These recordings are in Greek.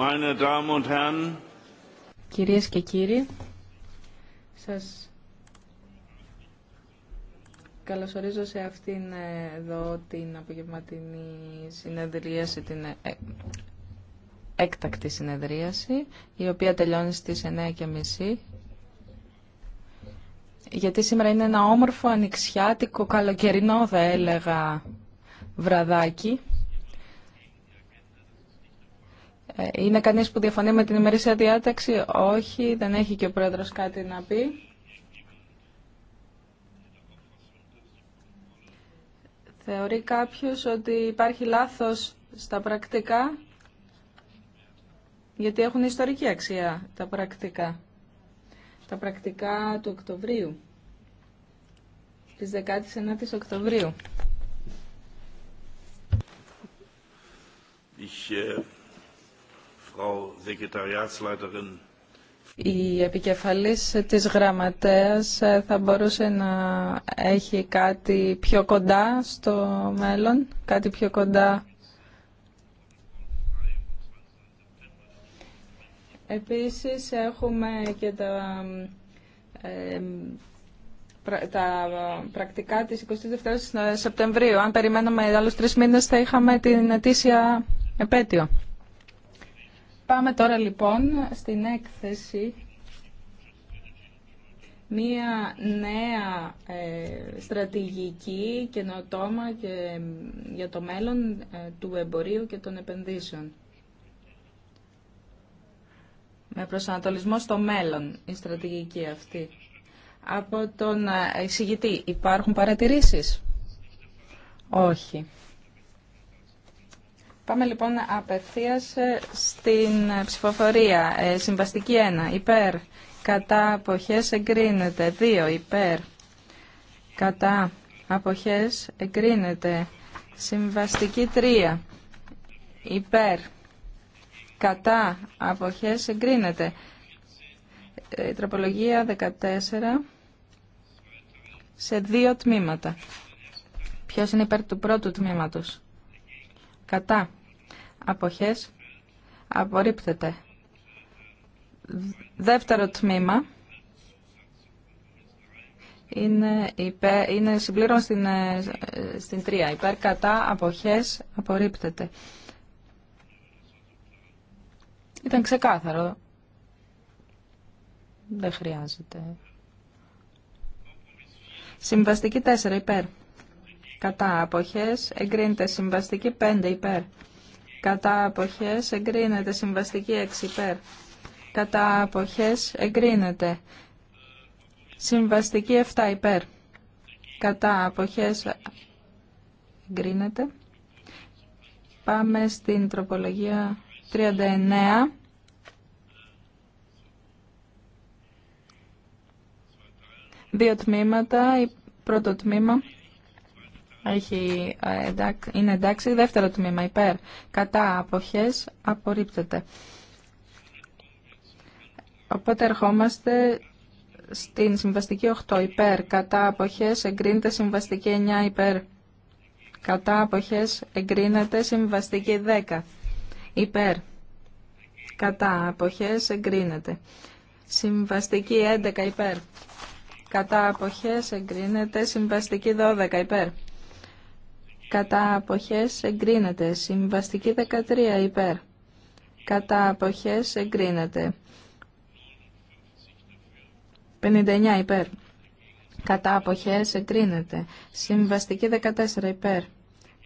Meine Κυρίες και κύριοι, σας καλωσορίζω σε αυτήν ε, εδώ την απογευματινή συνεδρίαση, την ε, ε, έκτακτη συνεδρίαση, η οποία τελειώνει στις 9.30 γιατί σήμερα είναι ένα όμορφο ανοιξιάτικο καλοκαιρινό θα έλεγα βραδάκι ε, είναι κανείς που διαφωνεί με την ημερήσια διάταξη. Όχι, δεν έχει και ο πρόεδρος κάτι να πει. Θεωρεί κάποιος ότι υπάρχει λάθος στα πρακτικά, γιατί έχουν ιστορική αξία τα πρακτικά. Τα πρακτικά του Οκτωβρίου, της 19ης Οκτωβρίου. Ich, ε, η επικεφαλής της γραμματέας ε, θα μπορούσε να έχει κάτι πιο κοντά στο μέλλον, κάτι πιο κοντά. Επίσης έχουμε και τα, ε, τα πρακτικά της 22 ε, Σεπτεμβρίου. Αν περιμένουμε άλλους τρεις μήνες θα είχαμε την ετήσια επέτειο. Πάμε τώρα λοιπόν στην έκθεση μία νέα ε, στρατηγική καινοτόμα και, για το μέλλον ε, του εμπορίου και των επενδύσεων. Με προσανατολισμό στο μέλλον η στρατηγική αυτή. Από τον ε, εισηγητή υπάρχουν παρατηρήσεις. Όχι. Πάμε λοιπόν απευθείας ε, στην ψηφοφορία. Ε, συμβαστική 1. Υπέρ. Κατά αποχές εγκρίνεται. 2. Υπέρ. Κατά αποχές εγκρίνεται. Συμβαστική 3. Υπέρ. Κατά αποχές εγκρίνεται. Ε, η τροπολογία 14 σε δύο τμήματα. Ποιος είναι υπέρ του πρώτου τμήματος. Κατά αποχές απορρίπτεται. Δεύτερο τμήμα είναι, υπέ, είναι συμπλήρων στην, ε, στην τρία. Υπέρ κατά αποχές απορρίπτεται. Ήταν ξεκάθαρο. Δεν χρειάζεται. Συμβαστική 4 υπέρ. Κατά αποχές εγκρίνεται συμβαστική 5 υπέρ κατά αποχές εγκρίνεται. Συμβαστική 6 υπέρ, κατά αποχές εγκρίνεται. Συμβαστική 7 υπέρ, κατά αποχές εγκρίνεται. Πάμε στην τροπολογία 39. Δύο τμήματα, πρώτο τμήμα έχει, ε, είναι εντάξει. Δεύτερο τμήμα υπέρ. Κατά αποχές απορρίπτεται. Οπότε ερχόμαστε στην συμβαστική 8 υπέρ. Κατά αποχές εγκρίνεται συμβαστική 9 υπέρ. Κατά αποχές εγκρίνεται συμβαστική 10 υπέρ. Κατά αποχές εγκρίνεται. Συμβαστική 11 υπέρ. Κατά αποχές εγκρίνεται συμβαστική 12 υπέρ κατά αποχές εγκρίνεται. Συμβαστική 13 υπέρ, κατά αποχές εγκρίνεται. 59 υπέρ, κατά αποχές εγκρίνεται. Συμβαστική 14 υπέρ,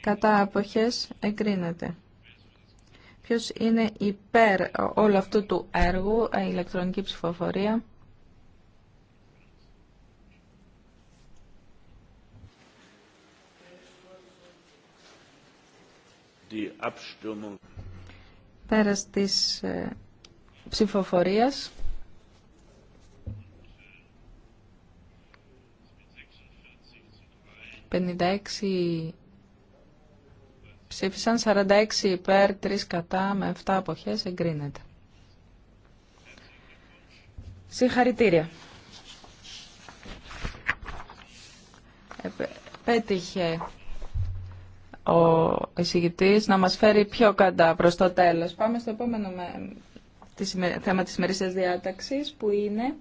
κατά αποχές εγκρίνεται. Ποιος είναι υπέρ όλου αυτού του έργου, η ηλεκτρονική ψηφοφορία. Πέρας της ε, ψηφοφορίας. «56 ψήφισαν, 46 υπέρ, 3 κατά, με 7 αποχές εγκρίνεται». Συγχαρητήρια. Ε, πέτυχε ο εισηγητής να μας φέρει πιο κατά προς το τέλος. Πάμε στο επόμενο θέμα της ημερήσιας διάταξης που είναι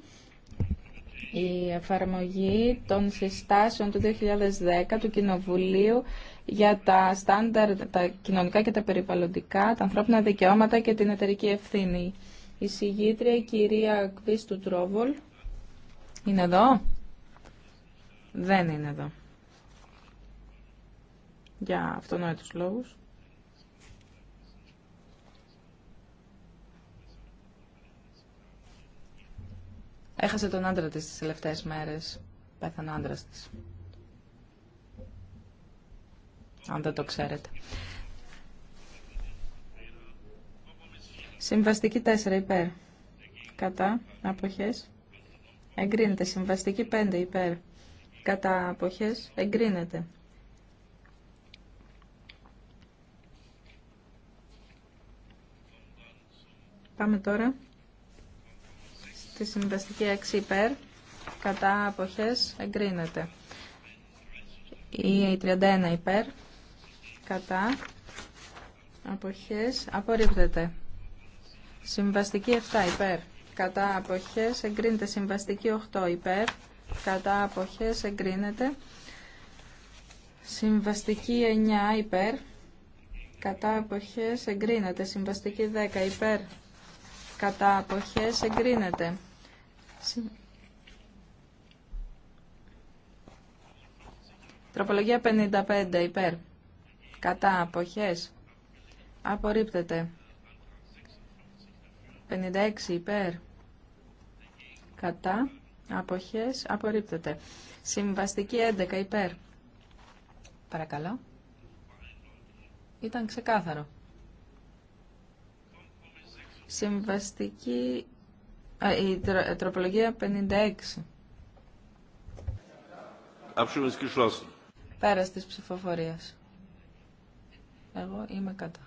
η εφαρμογή των συστάσεων του 2010 του Κοινοβουλίου για τα στάνταρ, τα κοινωνικά και τα περιβαλλοντικά, τα ανθρώπινα δικαιώματα και την εταιρική ευθύνη. Η συγγήτρια, η κυρία Κβίστου Τρόβολ, είναι εδώ. Δεν είναι εδώ για αυτονόητους λόγους. Έχασε τον άντρα της τις τελευταίες μέρες. Πέθανε ο άντρας της. Αν δεν το ξέρετε. Συμβαστική 4 υπέρ. Κατά αποχές. Εγκρίνεται. Συμβαστική 5 υπέρ. Κατά αποχές. Εγκρίνεται. Πάμε τώρα στη συμβαστική 6 υπέρ. Κατά αποχές εγκρίνεται. Η 31 υπέρ. Κατά αποχές απορρίπτεται. Συμβαστική 7 υπέρ. Κατά αποχές εγκρίνεται. Συμβαστική 8 υπέρ. Κατά αποχές εγκρίνεται. Συμβαστική 9 υπέρ. Κατά αποχές εγκρίνεται. Συμβαστική 10 υπέρ κατά αποχές εγκρίνεται. Τροπολογία 55 υπέρ. Κατά αποχές. Απορρίπτεται. 56 υπέρ. Κατά αποχές. Απορρίπτεται. Συμβαστική 11 υπέρ. Παρακαλώ. Ήταν ξεκάθαρο. Συμβαστική α, η τρο, ε, τροπολογία 56. Πέρα τη ψηφοφορία. Εγώ είμαι κατά.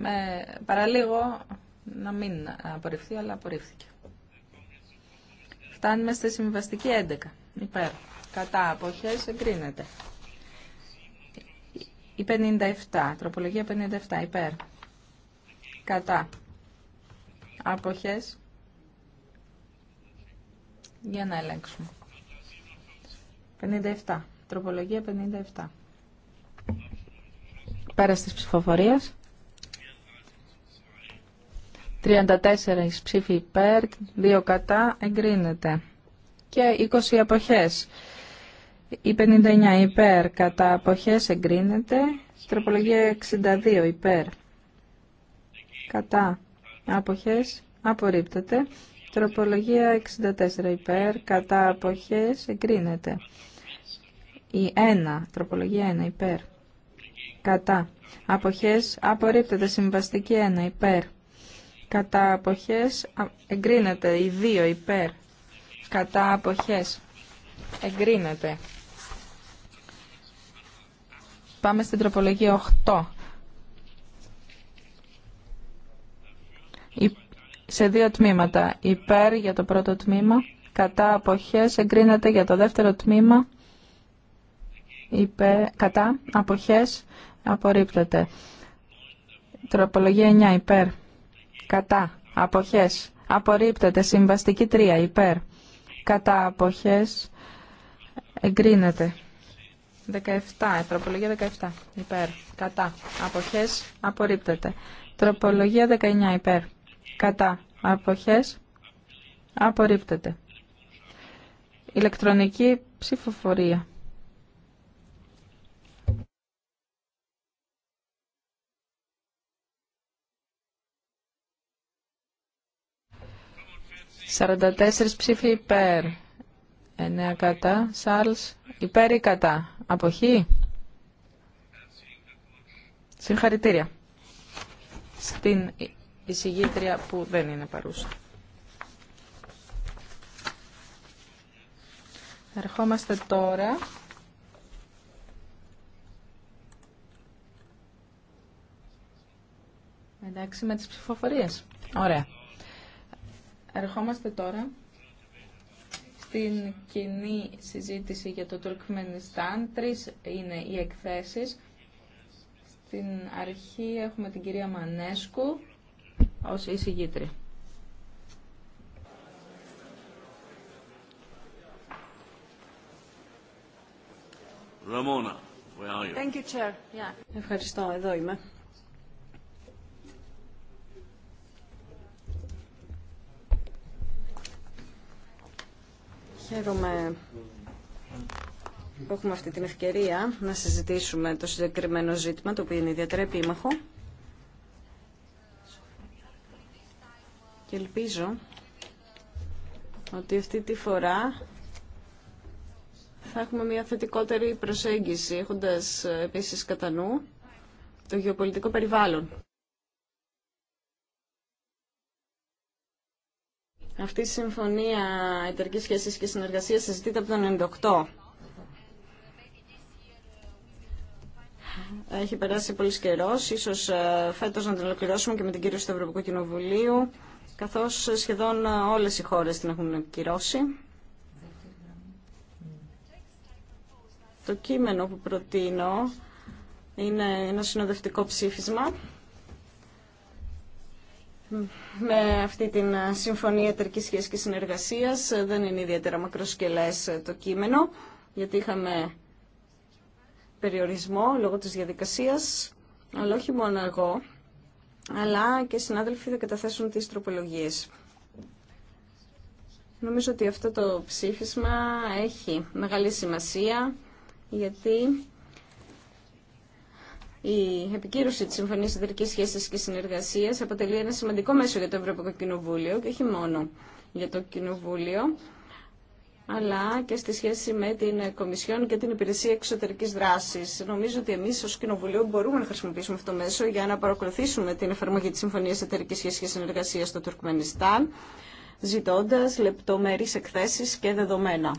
με παραλίγο να μην απορριφθεί, αλλά απορρίφθηκε. Φτάνουμε στη συμβιβαστική 11. Υπέρ. Κατά αποχές εγκρίνεται. Η 57. Τροπολογία 57. Υπέρ. Κατά. Αποχές. Για να ελέγξουμε. 57. Τροπολογία 57. Πέρα της ψηφοφορίας. 34 ψήφοι υπέρ, 2 κατά, εγκρίνεται. Και 20 αποχές. Η 59 υπέρ, κατά αποχές εγκρίνεται. Τροπολογία 62 υπέρ, κατά αποχές απορρίπτεται. Τροπολογία 64 υπέρ, κατά αποχές εγκρίνεται. Η 1, τροπολογία 1 υπέρ, κατά αποχές απορρίπτεται. Συμβαστική 1 υπέρ κατά αποχές εγκρίνεται οι δύο υπέρ κατά αποχές εγκρίνεται πάμε στην τροπολογία 8 σε δύο τμήματα υπέρ για το πρώτο τμήμα κατά αποχές εγκρίνεται για το δεύτερο τμήμα κατά αποχές απορρίπτεται τροπολογία 9 υπέρ κατά αποχές απορρίπτεται συμβαστική 3 υπέρ κατά αποχές εγκρίνεται 17 τροπολογία 17 υπέρ κατά αποχές απορρίπτεται τροπολογία 19 υπέρ κατά αποχές απορρίπτεται ηλεκτρονική ψηφοφορία 44 ψήφοι υπέρ. 9 κατά. Σάρλς, υπέρ ή κατά. Αποχή. Συγχαρητήρια. Στην εισηγήτρια που δεν είναι παρούσα. Ερχόμαστε τώρα Εντάξει, με τις ψηφοφορίες. Ωραία. Ερχόμαστε τώρα στην κοινή συζήτηση για το Τουρκμενιστάν. Τρεις είναι οι εκθέσεις. Στην αρχή έχουμε την κυρία Μανέσκου ως εισηγήτρη. you? Thank you, Chair. Yeah. Ευχαριστώ, εδώ είμαι. Χαίρομαι που έχουμε αυτή την ευκαιρία να συζητήσουμε το συγκεκριμένο ζήτημα, το οποίο είναι ιδιαίτερα επίμαχο. Και ελπίζω ότι αυτή τη φορά θα έχουμε μια θετικότερη προσέγγιση, έχοντας επίσης κατά νου το γεωπολιτικό περιβάλλον. Αυτή η συμφωνία εταιρικής σχέσης και συνεργασίας συζητείται από το 1998. Έχει περάσει πολύ καιρό, ίσως ε, φέτο να την ολοκληρώσουμε και με την κύρωση του Ευρωπαϊκού Κοινοβουλίου, καθώ σχεδόν όλε οι χώρε την έχουν κυρώσει. Το κείμενο που προτείνω είναι ένα συνοδευτικό ψήφισμα με αυτή την ε, συμφωνία Τερκής σχέσης και συνεργασίας. Ε, δεν είναι ιδιαίτερα μακροσκελές ε, το κείμενο, γιατί είχαμε περιορισμό λόγω της διαδικασίας, αλλά όχι μόνο εγώ, αλλά και οι συνάδελφοι θα καταθέσουν τις τροπολογίες. Νομίζω ότι αυτό το ψήφισμα έχει μεγάλη σημασία, γιατί η επικύρωση τη Συμφωνία Εταιρική Σχέση και Συνεργασία αποτελεί ένα σημαντικό μέσο για το Ευρωπαϊκό Κοινοβούλιο και όχι μόνο για το Κοινοβούλιο, αλλά και στη σχέση με την Κομισιόν και την Υπηρεσία Εξωτερική Δράση. Νομίζω ότι εμεί ω Κοινοβουλίο μπορούμε να χρησιμοποιήσουμε αυτό το μέσο για να παρακολουθήσουμε την εφαρμογή τη Συμφωνία Εταιρική Σχέση και Συνεργασία στο Τουρκμενιστάν, ζητώντα λεπτομερεί εκθέσει και δεδομένα.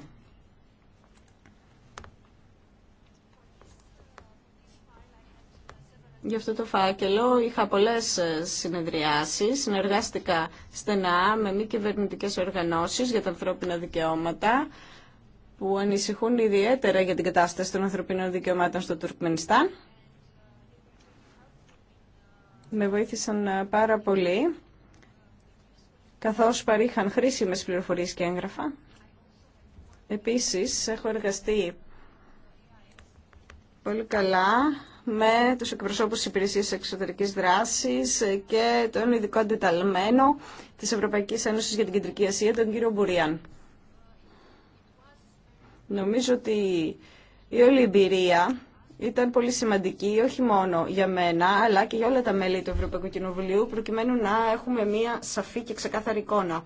για αυτό το φάκελο. Είχα πολλές ε, συνεδριάσεις, συνεργάστηκα στενά με μη κυβερνητικέ οργανώσεις για τα ανθρώπινα δικαιώματα που ανησυχούν ιδιαίτερα για την κατάσταση των ανθρωπίνων δικαιωμάτων στο Τουρκμενιστάν. Με βοήθησαν ε, πάρα πολύ, καθώς παρήχαν χρήσιμες πληροφορίες και έγγραφα. Επίσης, έχω εργαστεί πολύ καλά με τους εκπροσώπους της Υπηρεσίας Εξωτερικής Δράσης και τον ειδικό αντιταλμένο της Ευρωπαϊκής Ένωσης για την Κεντρική Ασία, τον κύριο Μπουριάν. Νομίζω ότι η όλη εμπειρία ήταν πολύ σημαντική, όχι μόνο για μένα, αλλά και για όλα τα μέλη του Ευρωπαϊκού Κοινοβουλίου, προκειμένου να έχουμε μία σαφή και ξεκάθαρη εικόνα.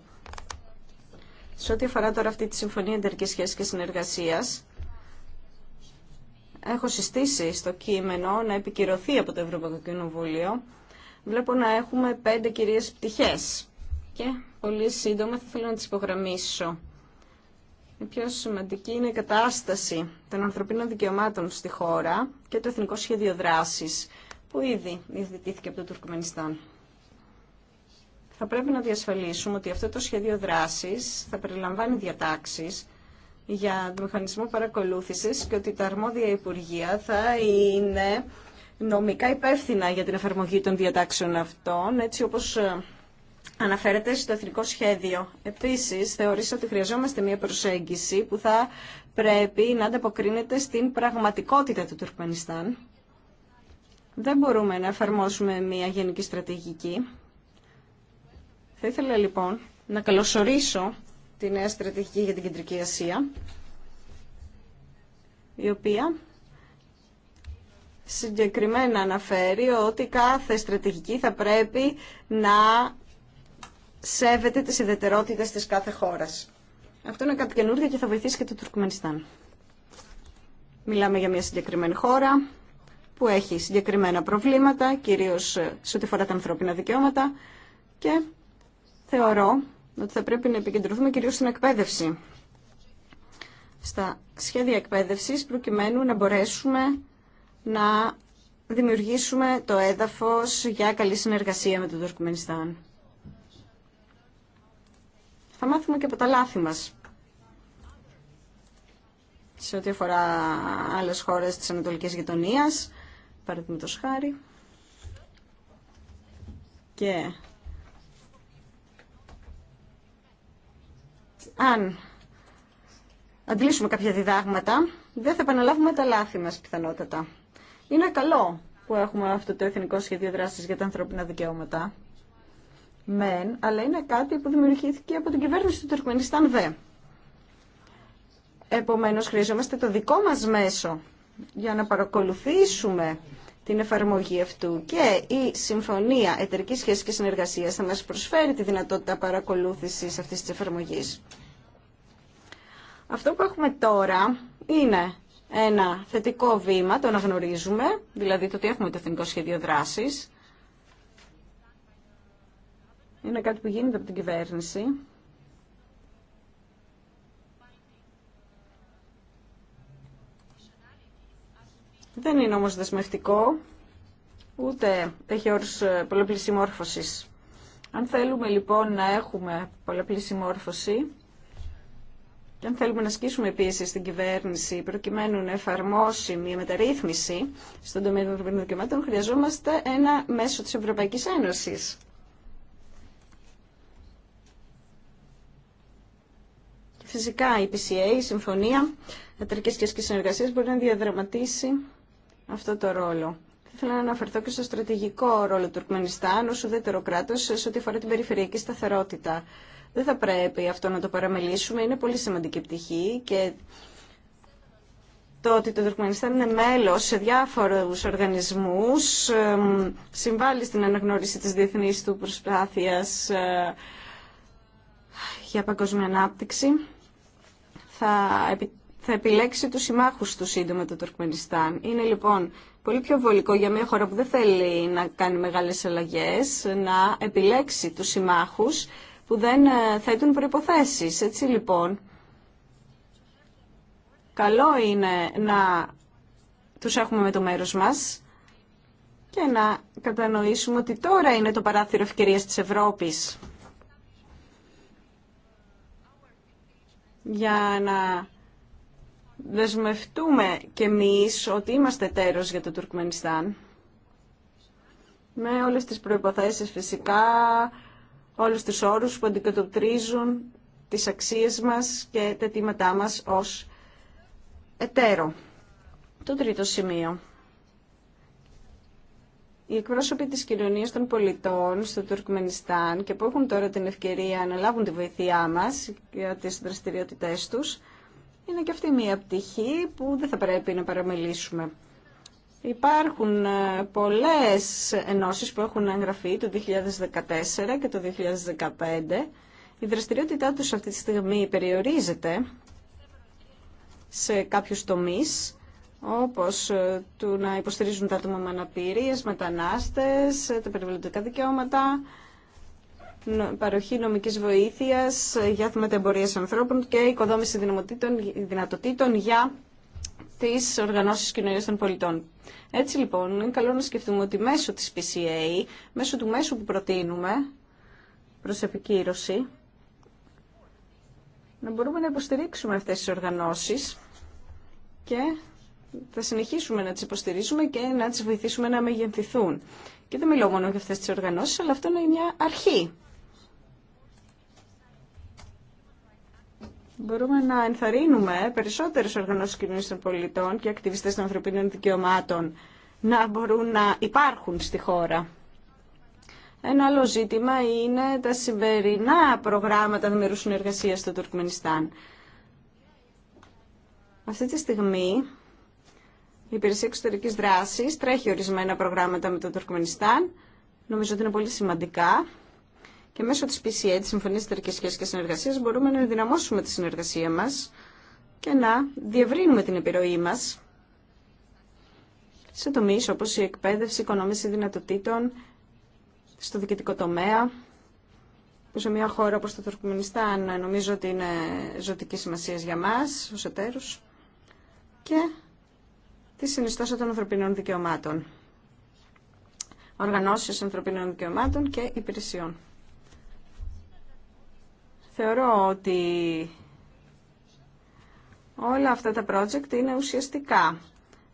Σε ό,τι αφορά τώρα αυτή τη Συμφωνία Εντερικής Σχέσης και Συνεργασίας, έχω συστήσει στο κείμενο να επικυρωθεί από το Ευρωπαϊκό Κοινοβούλιο, βλέπω να έχουμε πέντε κυρίες πτυχές. Και πολύ σύντομα θα θέλω να τις υπογραμμίσω. Η πιο σημαντική είναι η κατάσταση των ανθρωπίνων δικαιωμάτων στη χώρα και το Εθνικό Σχέδιο Δράσης, που ήδη διευθυντήθηκε από το Τουρκμενιστάν. Θα πρέπει να διασφαλίσουμε ότι αυτό το σχέδιο δράσης θα περιλαμβάνει διατάξεις για το μηχανισμό παρακολούθησης και ότι τα αρμόδια Υπουργεία θα είναι νομικά υπεύθυνα για την εφαρμογή των διατάξεων αυτών, έτσι όπως ε, αναφέρεται στο εθνικό σχέδιο. Επίσης, θεωρήσα ότι χρειαζόμαστε μια προσέγγιση που θα πρέπει να ανταποκρίνεται στην πραγματικότητα του Τουρκμενιστάν. Δεν μπορούμε να εφαρμόσουμε μια γενική στρατηγική. Θα ήθελα λοιπόν να καλωσορίσω τη νέα στρατηγική για την Κεντρική Ασία, η οποία συγκεκριμένα αναφέρει ότι κάθε στρατηγική θα πρέπει να σέβεται τις ιδιαιτερότητες της κάθε χώρας. Αυτό είναι κάτι καινούργιο και θα βοηθήσει και το Τουρκμενιστάν. Μιλάμε για μια συγκεκριμένη χώρα που έχει συγκεκριμένα προβλήματα, κυρίως σε ό,τι φορά τα ανθρώπινα δικαιώματα και θεωρώ ότι θα πρέπει να επικεντρωθούμε κυρίως στην εκπαίδευση. Στα σχέδια εκπαίδευσης προκειμένου να μπορέσουμε να δημιουργήσουμε το έδαφος για καλή συνεργασία με το Τουρκμενιστάν. Θα μάθουμε και από τα λάθη μας σε ό,τι αφορά άλλες χώρες της Ανατολικής Γειτονίας, παραδείγματος χάρη. Και αν αντλήσουμε κάποια διδάγματα, δεν θα επαναλάβουμε τα λάθη μας πιθανότατα. Είναι καλό που έχουμε αυτό το Εθνικό Σχέδιο Δράσης για τα Ανθρώπινα Δικαιώματα. Μεν, αλλά είναι κάτι που δημιουργήθηκε από την κυβέρνηση του Τουρκμενιστάν δε. Επομένως, χρειαζόμαστε το δικό μας μέσο για να παρακολουθήσουμε την εφαρμογή αυτού και η Συμφωνία Εταιρικής Σχέσης και Συνεργασίας θα μας προσφέρει τη δυνατότητα παρακολούθησης αυτής της εφαρμογής. Αυτό που έχουμε τώρα είναι ένα θετικό βήμα, το αναγνωρίζουμε, δηλαδή το ότι έχουμε το Εθνικό Σχέδιο Δράσης. Είναι κάτι που γίνεται από την κυβέρνηση. Δεν είναι όμως δεσμευτικό, ούτε έχει όρους ε, πολλαπλή συμμόρφωσης. Αν θέλουμε λοιπόν να έχουμε πολλαπλή συμμόρφωση, και αν θέλουμε να ασκήσουμε πίεση στην κυβέρνηση προκειμένου να εφαρμόσει μια μεταρρύθμιση στον τομέα των ευρωπαϊκών δικαιωμάτων, χρειαζόμαστε ένα μέσο της Ευρωπαϊκής Ένωσης. φυσικά η PCA, η Συμφωνία Ατρικής και Συνεργασίας, μπορεί να διαδραματίσει αυτό το ρόλο. Θέλω να αναφερθώ και στο στρατηγικό ρόλο του Τουρκμενιστάν ως ουδέτερο κράτος σε ό,τι αφορά την περιφερειακή σταθερότητα. Δεν θα πρέπει αυτό να το παραμελήσουμε. Είναι πολύ σημαντική πτυχή και το ότι το Τουρκμενιστάν είναι μέλος σε διάφορους οργανισμούς, συμβάλλει στην αναγνώριση της διεθνής του προσπάθειας ε, για παγκόσμια ανάπτυξη. Θα, θα επιλέξει τους συμμάχους του σύντομα το Τουρκμενιστάν. Είναι λοιπόν πολύ πιο βολικό για μια χώρα που δεν θέλει να κάνει μεγάλες αλλαγές, να επιλέξει τους συμμάχους που δεν ε, θέτουν προϋποθέσεις. Έτσι λοιπόν, καλό είναι να τους έχουμε με το μέρος μας και να κατανοήσουμε ότι τώρα είναι το παράθυρο ευκαιρίας της Ευρώπης για να δεσμευτούμε και εμείς ότι είμαστε τέρος για το Τουρκμενιστάν. Με όλες τις προϋποθέσεις φυσικά όλους τους όρους που αντικατοπτρίζουν τις αξίες μας και τα αιτήματά μας ως εταίρο. Το τρίτο σημείο. Οι εκπρόσωποι της κοινωνίας των πολιτών στο Τουρκμενιστάν και που έχουν τώρα την ευκαιρία να λάβουν τη βοήθειά μας για τις δραστηριότητές τους, είναι και αυτή μια πτυχή που δεν θα πρέπει να παραμελήσουμε. Υπάρχουν ε, πολλές ενώσεις που έχουν εγγραφεί το 2014 και το 2015. Η δραστηριότητά τους αυτή τη στιγμή περιορίζεται σε κάποιους τομείς, όπως ε, του να υποστηρίζουν τα άτομα με αναπηρίες, μετανάστες, ε, τα περιβαλλοντικά δικαιώματα, παροχή νομικής βοήθειας για θέματα εμπορίας ανθρώπων και οικοδόμηση δυνατοτήτων για τη οργανώσει κοινωνία των πολιτών. Έτσι λοιπόν, είναι καλό να σκεφτούμε ότι μέσω τη PCA, μέσω του μέσου που προτείνουμε προ επικύρωση, να μπορούμε να υποστηρίξουμε αυτέ τι οργανώσει και θα συνεχίσουμε να τις υποστηρίζουμε και να τις βοηθήσουμε να μεγενθηθούν. Και δεν μιλώ μόνο για αυτές τις οργανώσεις, αλλά αυτό είναι μια αρχή. μπορούμε να ενθαρρύνουμε περισσότερε οργανώσει κοινωνικών πολιτών και ακτιβιστές των ανθρωπίνων δικαιωμάτων να μπορούν να υπάρχουν στη χώρα. Ένα άλλο ζήτημα είναι τα σημερινά προγράμματα δημιουργού συνεργασία στο Τουρκμενιστάν. Αυτή τη στιγμή η Υπηρεσία Εξωτερική Δράση τρέχει ορισμένα προγράμματα με το Τουρκμενιστάν. Νομίζω ότι είναι πολύ σημαντικά και μέσω της PCA, της Συμφωνίας Ιταρικής Σχέσης και Συνεργασίας, μπορούμε να ενδυναμώσουμε τη συνεργασία μας και να διευρύνουμε την επιρροή μας σε τομείς όπως η εκπαίδευση, η οικονόμηση δυνατοτήτων, στο διοικητικό τομέα, που σε μια χώρα όπως το Τουρκμενιστάν νομίζω ότι είναι ζωτική σημασία για μας, ως εταίρους, και τη συνιστόσα των ανθρωπινών δικαιωμάτων, οργανώσεις ανθρωπινών δικαιωμάτων και υπηρεσιών. Θεωρώ ότι όλα αυτά τα project είναι ουσιαστικά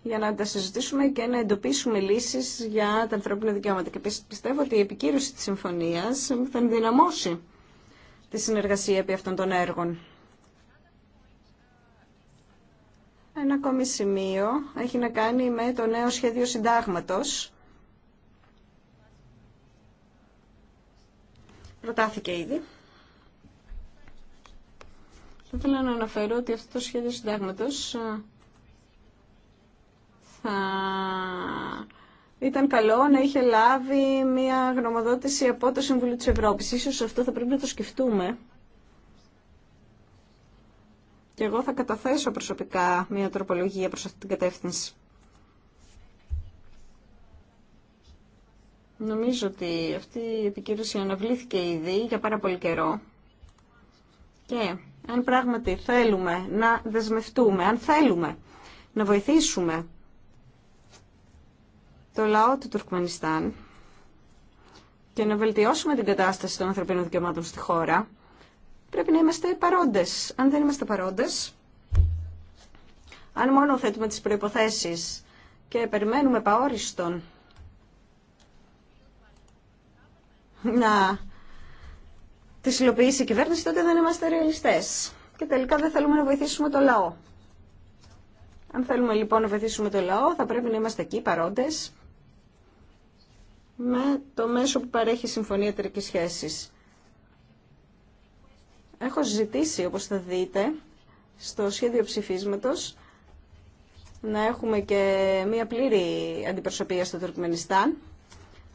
για να τα συζητήσουμε και να εντοπίσουμε λύσεις για τα ανθρώπινα δικαιώματα. Και πιστεύω ότι η επικύρωση της συμφωνίας θα ενδυναμώσει τη συνεργασία επί αυτών των έργων. Ένα ακόμη σημείο έχει να κάνει με το νέο σχέδιο συντάγματος. Προτάθηκε ήδη. Θα ήθελα να αναφέρω ότι αυτό το σχέδιο συντάγματος θα ήταν καλό να είχε λάβει μια γνωμοδότηση από το Συμβούλιο της Ευρώπης. Ίσως αυτό θα πρέπει να το σκεφτούμε. Και εγώ θα καταθέσω προσωπικά μια τροπολογία προς αυτή την κατεύθυνση. Νομίζω ότι αυτή η επικύρωση αναβλήθηκε ήδη για πάρα πολύ καιρό. Και αν πράγματι θέλουμε να δεσμευτούμε, αν θέλουμε να βοηθήσουμε το λαό του Τουρκμενιστάν και να βελτιώσουμε την κατάσταση των ανθρωπίνων δικαιωμάτων στη χώρα, πρέπει να είμαστε παρόντες. Αν δεν είμαστε παρόντες, αν μόνο θέτουμε τις προϋποθέσεις και περιμένουμε παόριστον να τις υλοποιήσει η κυβέρνηση, τότε δεν είμαστε ρεαλιστές. Και τελικά δεν θέλουμε να βοηθήσουμε το λαό. Αν θέλουμε λοιπόν να βοηθήσουμε το λαό, θα πρέπει να είμαστε εκεί παρόντες με το μέσο που παρέχει η Συμφωνία Εταιρικής Σχέσης. Έχω ζητήσει, όπως θα δείτε, στο σχέδιο ψηφίσματος να έχουμε και μία πλήρη αντιπροσωπεία στο Τουρκμενιστάν.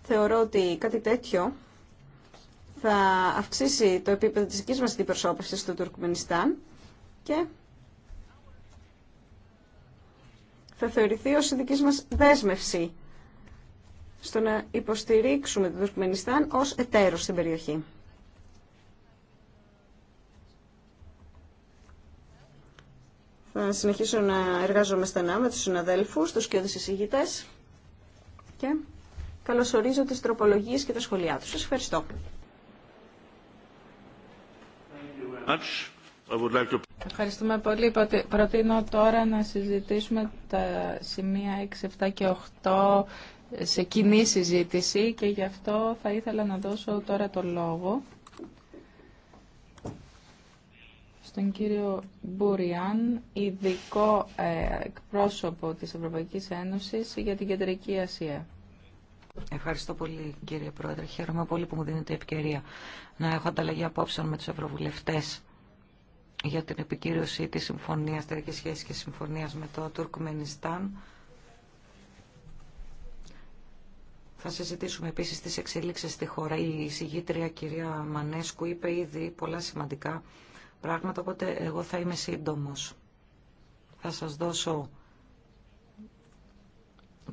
Θεωρώ ότι κάτι τέτοιο θα αυξήσει το επίπεδο της δικής μας αντιπροσώπευσης στο Τουρκμενιστάν και θα θεωρηθεί ως η δική μας δέσμευση στο να υποστηρίξουμε το Τουρκμενιστάν ως εταίρο στην περιοχή. Θα συνεχίσω να εργάζομαι στενά με τους συναδέλφους, τους και εισηγητές και καλωσορίζω τις τροπολογίες και τα σχολιά τους. Σας ευχαριστώ. Ευχαριστούμε πολύ. Προτείνω τώρα να συζητήσουμε τα σημεία 6, 7 και 8 σε κοινή συζήτηση και γι' αυτό θα ήθελα να δώσω τώρα το λόγο στον κύριο Μπουριάν, ειδικό ε, εκπρόσωπο της Ευρωπαϊκής Ένωσης για την Κεντρική Ασία. Ευχαριστώ πολύ κύριε Πρόεδρε. Χαίρομαι πολύ που μου δίνετε ευκαιρία να έχω ανταλλαγή απόψεων με τους ευρωβουλευτές για την επικύρωση της συμφωνίας, τερικής σχέσης και συμφωνίας με το Τουρκμενιστάν. Θα συζητήσουμε επίσης τις εξελίξεις στη χώρα. Η συγγήτρια κυρία Μανέσκου είπε ήδη πολλά σημαντικά πράγματα, οπότε εγώ θα είμαι σύντομος. Θα σας δώσω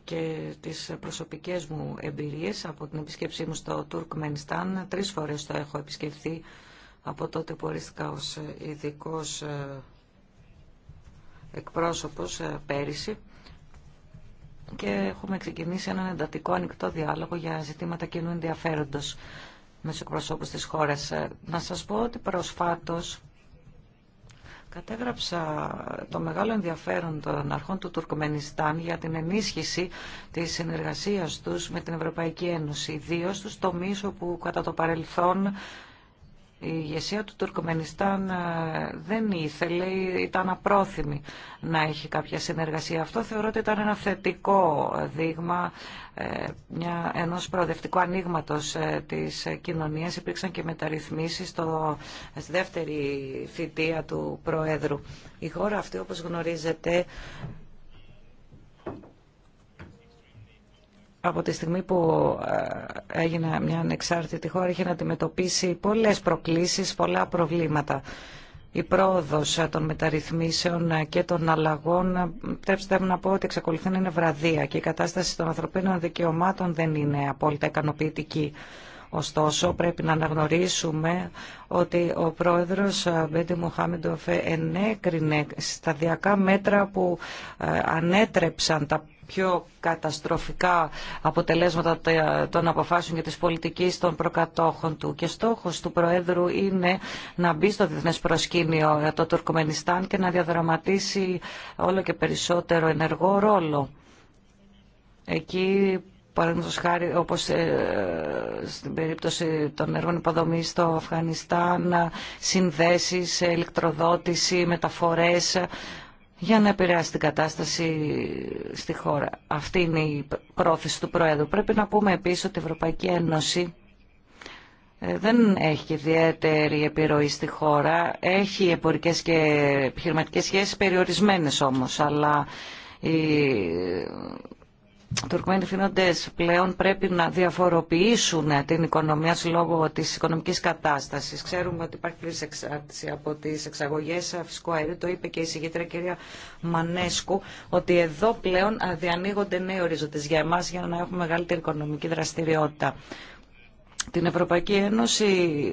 και τις προσωπικές μου εμπειρίες από την επισκέψή μου στο Τουρκμενιστάν. Τρεις φορές το έχω επισκεφθεί από τότε που ορίστηκα ως ειδικό ε, εκπρόσωπος ε, πέρυσι και έχουμε ξεκινήσει έναν εντατικό ανοιχτό διάλογο για ζητήματα κοινού ενδιαφέροντος με τους εκπροσώπους της χώρας. Ε, να σας πω ότι προσφάτως Κατέγραψα το μεγάλο ενδιαφέρον των αρχών του Τουρκμενιστάν για την ενίσχυση της συνεργασίας τους με την Ευρωπαϊκή Ένωση, ιδίως στους τομείς όπου κατά το παρελθόν η ηγεσία του Τουρκμενιστάν ε, δεν ήθελε, ήταν απρόθυμη να έχει κάποια συνεργασία. Αυτό θεωρώ ότι ήταν ένα θετικό δείγμα ε, μια, ενός προοδευτικού ανοίγματο ε, της κοινωνίας. Υπήρξαν και μεταρρυθμίσεις στο, στη δεύτερη θητεία του Προέδρου. Η χώρα αυτή, όπως γνωρίζετε, από τη στιγμή που ε, έγινε μια ανεξάρτητη χώρα είχε να αντιμετωπίσει πολλές προκλήσεις, πολλά προβλήματα. Η πρόοδος ε, των μεταρρυθμίσεων ε, και των αλλαγών, πρέπει να πω ότι εξακολουθεί να είναι βραδία και η κατάσταση των ανθρωπίνων δικαιωμάτων δεν είναι απόλυτα ικανοποιητική. Ωστόσο, πρέπει να αναγνωρίσουμε ότι ο πρόεδρος Μπέντι Μουχάμιντοφ ενέκρινε σταδιακά μέτρα που ανέτρεψαν τα πιο καταστροφικά αποτελέσματα των αποφάσεων και της πολιτικής των προκατόχων του. Και στόχος του Προέδρου είναι να μπει στο διεθνές προσκήνιο για το Τουρκμενιστάν και να διαδραματίσει όλο και περισσότερο ενεργό ρόλο. Εκεί Παραδείγματο χάρη όπως ε, στην περίπτωση των έργων υποδομή στο Αφγανιστάν, συνδέσεις, ηλεκτροδότηση, μεταφορέ για να επηρεάσει την κατάσταση στη χώρα. Αυτή είναι η πρόθεση του Πρόεδρου. Πρέπει να πούμε επίσης ότι η Ευρωπαϊκή Ένωση ε, δεν έχει ιδιαίτερη επιρροή στη χώρα. Έχει εμπορικές και επιχειρηματικές σχέσεις περιορισμένες όμως, αλλά Τουρκμένοι φύνοντες πλέον πρέπει να διαφοροποιήσουν την οικονομία λόγω της οικονομικής κατάστασης. Ξέρουμε ότι υπάρχει πλήρης εξάρτηση από τι εξαγωγέ φυσικού αερίου. Το είπε και η συγγήτρια κυρία Μανέσκου ότι εδώ πλέον διανοίγονται νέοι ορίζοντε για εμάς για να έχουμε μεγαλύτερη οικονομική δραστηριότητα την Ευρωπαϊκή Ένωση,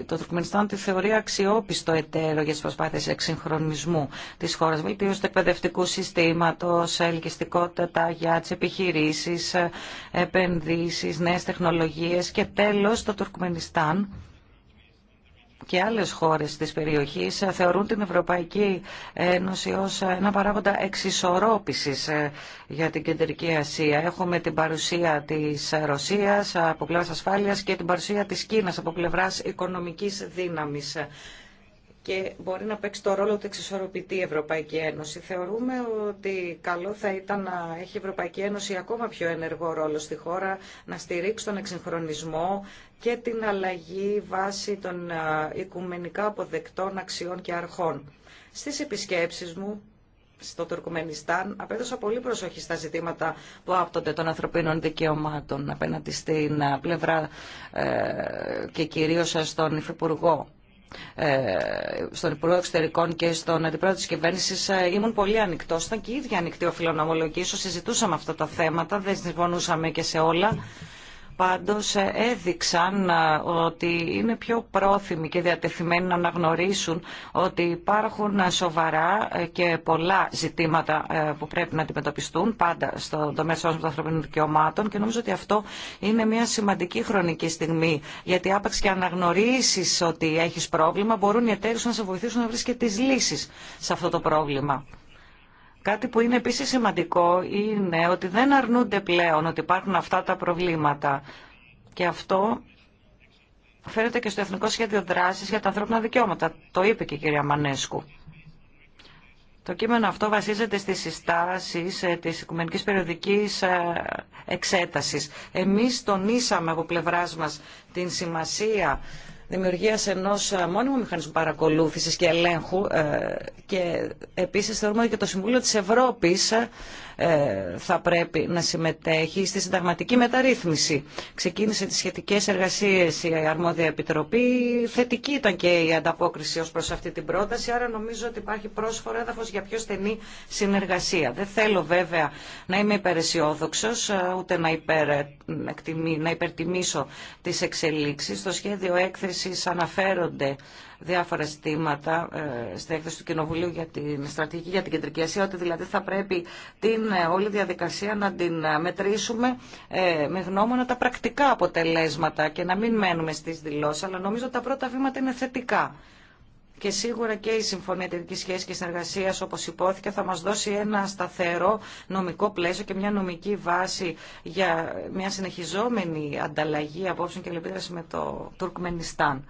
το Τουρκμενιστάν τη θεωρεί αξιόπιστο εταίρο για τι προσπάθειε εξυγχρονισμού τη χώρα. Βελτίωση του εκπαιδευτικού συστήματο, ελκυστικότητα για τι επιχειρήσει, επενδύσει, νέε τεχνολογίε. Και τέλο, το Τουρκμενιστάν και άλλες χώρες της περιοχής θεωρούν την Ευρωπαϊκή Ένωση ως ένα παράγοντα εξισορρόπησης ε, για την Κεντρική Ασία. Έχουμε την παρουσία της Ρωσίας από πλευράς ασφάλειας και την παρουσία της Κίνας από πλευράς οικονομικής δύναμης και μπορεί να παίξει το ρόλο του εξισορροπητή Ευρωπαϊκή Ένωση. Θεωρούμε ότι καλό θα ήταν να έχει η Ευρωπαϊκή Ένωση ακόμα πιο ενεργό ρόλο στη χώρα, να στηρίξει τον εξυγχρονισμό και την αλλαγή βάση των οικουμενικά αποδεκτών αξιών και αρχών. Στις επισκέψεις μου, στο Τουρκουμενιστάν απέδωσα πολύ προσοχή στα ζητήματα που άπτονται των ανθρωπίνων δικαιωμάτων απέναντι στην πλευρά ε, και κυρίως στον Υφυπουργό ε, στον Υπουργό Εξωτερικών και στον Αντιπρόεδρο τη Κυβέρνηση ε, ήμουν πολύ ανοιχτό. Ήταν και η ίδια ανοιχτή ο Σω. συζητούσαμε αυτά τα θέματα, δεν συμφωνούσαμε και σε όλα πάντως ε, έδειξαν ε, ότι είναι πιο πρόθυμοι και διατεθειμένοι να αναγνωρίσουν ότι υπάρχουν ε, σοβαρά και πολλά ζητήματα που πρέπει να αντιμετωπιστούν πάντα στο τομέα των ανθρωπίνων δικαιωμάτων και νομίζω ότι αυτό είναι μια σημαντική χρονική στιγμή γιατί άπαξ και αναγνωρίσεις ότι έχεις πρόβλημα μπορούν οι εταίρες να σε βοηθήσουν να βρεις και τις λύσεις σε αυτό το πρόβλημα. Κάτι που είναι επίσης σημαντικό είναι ότι δεν αρνούνται πλέον ότι υπάρχουν αυτά τα προβλήματα. Και αυτό φέρεται και στο Εθνικό Σχέδιο Δράσης για τα ανθρώπινα δικαιώματα. Το είπε και η κυρία Μανέσκου. Το κείμενο αυτό βασίζεται στις συστάσεις ε, της Οικουμενικής Περιοδικής ε, Εξέτασης. Εμείς τονίσαμε από πλευράς μας την σημασία Δημιουργία ενό ε, μόνιμου μηχανισμού παρακολούθησης και ελέγχου ε, και επίσης θεωρούμε ότι και το Συμβούλιο της Ευρώπης ε, ε, θα πρέπει να συμμετέχει στη συνταγματική μεταρρύθμιση. Ξεκίνησε τις σχετικές εργασίες η Αρμόδια Επιτροπή. Θετική ήταν και η ανταπόκριση ως προς αυτή την πρόταση, άρα νομίζω ότι υπάρχει πρόσφορο έδαφος για πιο στενή συνεργασία. Δεν θέλω βέβαια να είμαι υπεραισιόδοξο, ε, ούτε να, να υπερτιμήσω τις εξελίξεις. Στο σχέδιο έκθεσης αναφέρονται διάφορα ζητήματα ε, στη έκθεση του Κοινοβουλίου για την στρατηγική για την Κεντρική Ασία, ότι δηλαδή θα πρέπει την ε, όλη διαδικασία να την ε, μετρήσουμε με γνώμονα τα πρακτικά αποτελέσματα και να μην μένουμε στις δηλώσεις, αλλά νομίζω ότι τα πρώτα βήματα είναι θετικά. Και σίγουρα και η Συμφωνία Εταιρική Σχέση και Συνεργασία, όπω υπόθηκε, θα μα δώσει ένα σταθερό νομικό πλαίσιο και μια νομική βάση για μια συνεχιζόμενη ανταλλαγή απόψεων και ελπίδα με το Τουρκμενιστάν.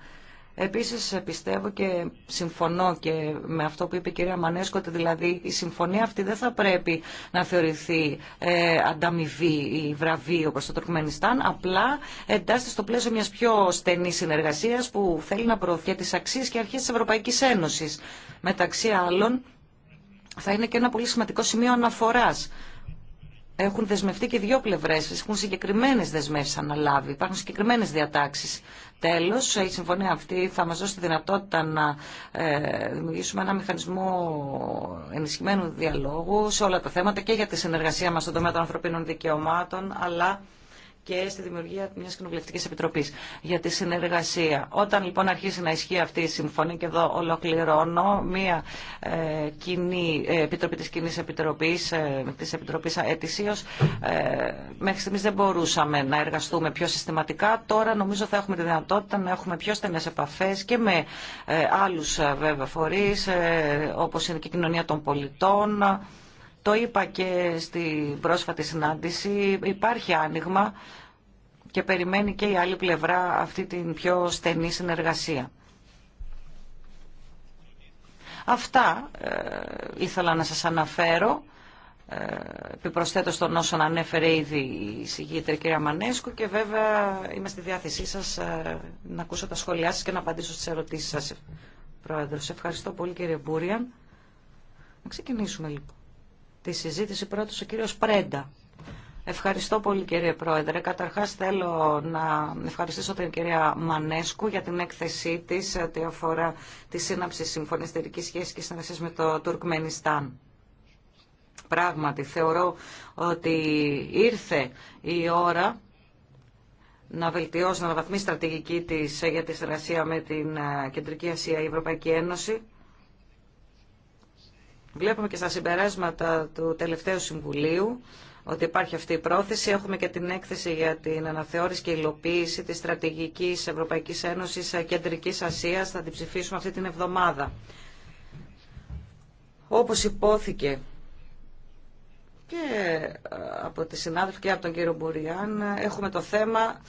Επίσης πιστεύω και συμφωνώ και με αυτό που είπε η κυρία Μανέσκο ότι δηλαδή η συμφωνία αυτή δεν θα πρέπει να θεωρηθεί ε, ανταμοιβή ή βραβείο προς το Τουρκμενιστάν απλά εντάσσεται στο πλαίσιο μιας πιο στενής συνεργασίας που θέλει να προωθεί τις αξίες και αρχές της Ευρωπαϊκής Ένωσης. Μεταξύ άλλων θα είναι και ένα πολύ σημαντικό σημείο αναφοράς έχουν δεσμευτεί και δύο πλευρέ. Έχουν συγκεκριμένε δεσμεύσει αναλάβει. Υπάρχουν συγκεκριμένε διατάξει Τέλος, η συμφωνία αυτή θα μας δώσει τη δυνατότητα να ε, δημιουργήσουμε ένα μηχανισμό ενισχυμένου διαλόγου σε όλα τα θέματα και για τη συνεργασία μας στον τομέα των ανθρωπίνων δικαιωμάτων, αλλά και στη δημιουργία μια κοινοβουλευτική επιτροπή για τη συνεργασία. Όταν λοιπόν αρχίσει να ισχύει αυτή η συμφωνία και εδώ ολοκληρώνω μια ε, κοινή, ε, επιτροπή τη κοινής επιτροπής, ε, της επιτροπής ετησίω, ε, μέχρι στιγμή δεν μπορούσαμε να εργαστούμε πιο συστηματικά. Τώρα νομίζω θα έχουμε τη δυνατότητα να έχουμε πιο στενέ επαφέ και με ε, άλλους ε, βέβαια φορεί, ε, όπως είναι και η κοινωνία των πολιτών, το είπα και στην πρόσφατη συνάντηση, υπάρχει άνοιγμα και περιμένει και η άλλη πλευρά αυτή την πιο στενή συνεργασία. Αυτά ε, ήθελα να σας αναφέρω ε, επιπροσθέτω στον όσον ανέφερε ήδη η συγγήτρια κυρία Μανέσκου και βέβαια είμαι στη διάθεσή σας ε, να ακούσω τα σχόλιά σας και να απαντήσω στις ερωτήσεις σας. Πρόεδρος, ευχαριστώ πολύ κύριε Μπούριαν. Να ξεκινήσουμε λοιπόν τη συζήτηση πρώτος ο κύριος Πρέντα. Ευχαριστώ πολύ κύριε Πρόεδρε. Καταρχάς θέλω να ευχαριστήσω την κυρία Μανέσκου για την έκθεσή της ότι αφορά τη σύναψη τερικής σχέσης και συνεργασίας με το Τουρκμενιστάν. Πράγματι, θεωρώ ότι ήρθε η ώρα να βελτιώσει, να αναβαθμίσει στρατηγική της για τη συνεργασία με την ε, Κεντρική Ασία η Ευρωπαϊκή Ένωση. Βλέπουμε και στα συμπεράσματα του τελευταίου Συμβουλίου ότι υπάρχει αυτή η πρόθεση. Έχουμε και την έκθεση για την αναθεώρηση και υλοποίηση της στρατηγικής Ευρωπαϊκής Ένωσης Κεντρικής Ασίας. Θα την ψηφίσουμε αυτή την εβδομάδα. Όπως υπόθηκε και από τη συνάδελφη και από τον κύριο Μπουριάν, έχουμε το θέμα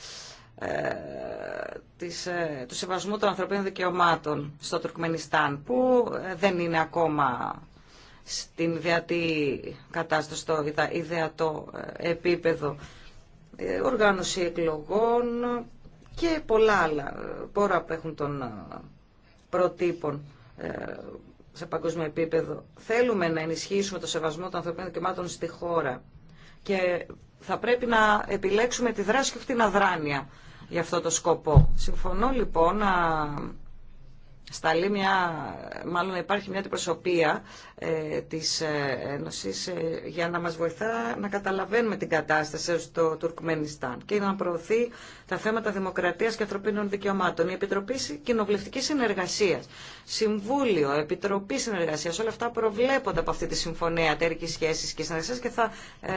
ε, ε, του σεβασμού των ανθρωπίνων δικαιωμάτων στο Τουρκμενιστάν, που ε, δεν είναι ακόμα στην ιδεατή κατάσταση, στο ιδεατό ε, επίπεδο, ε, οργάνωση εκλογών και πολλά άλλα πόρα που έχουν των ε, προτύπων σε παγκόσμιο επίπεδο. Θέλουμε να ενισχύσουμε το σεβασμό των ανθρωπίνων δικαιωμάτων στη χώρα και θα πρέπει να επιλέξουμε τη δράση και αυτήν την αδράνεια για αυτό το σκοπό. Συμφωνώ λοιπόν στα μια, μάλλον υπάρχει μια αντιπροσωπεία ε, της ε, Ένωσης ε, για να μας βοηθά να καταλαβαίνουμε την κατάσταση στο Τουρκμενιστάν και να προωθεί τα θέματα δημοκρατίας και ανθρωπίνων δικαιωμάτων. Η Επιτροπή Κοινοβουλευτικής Συνεργασίας, Συμβούλιο, Επιτροπή Συνεργασίας, όλα αυτά προβλέπονται από αυτή τη συμφωνία τέρικης σχέση και συνεργασία και θα ε,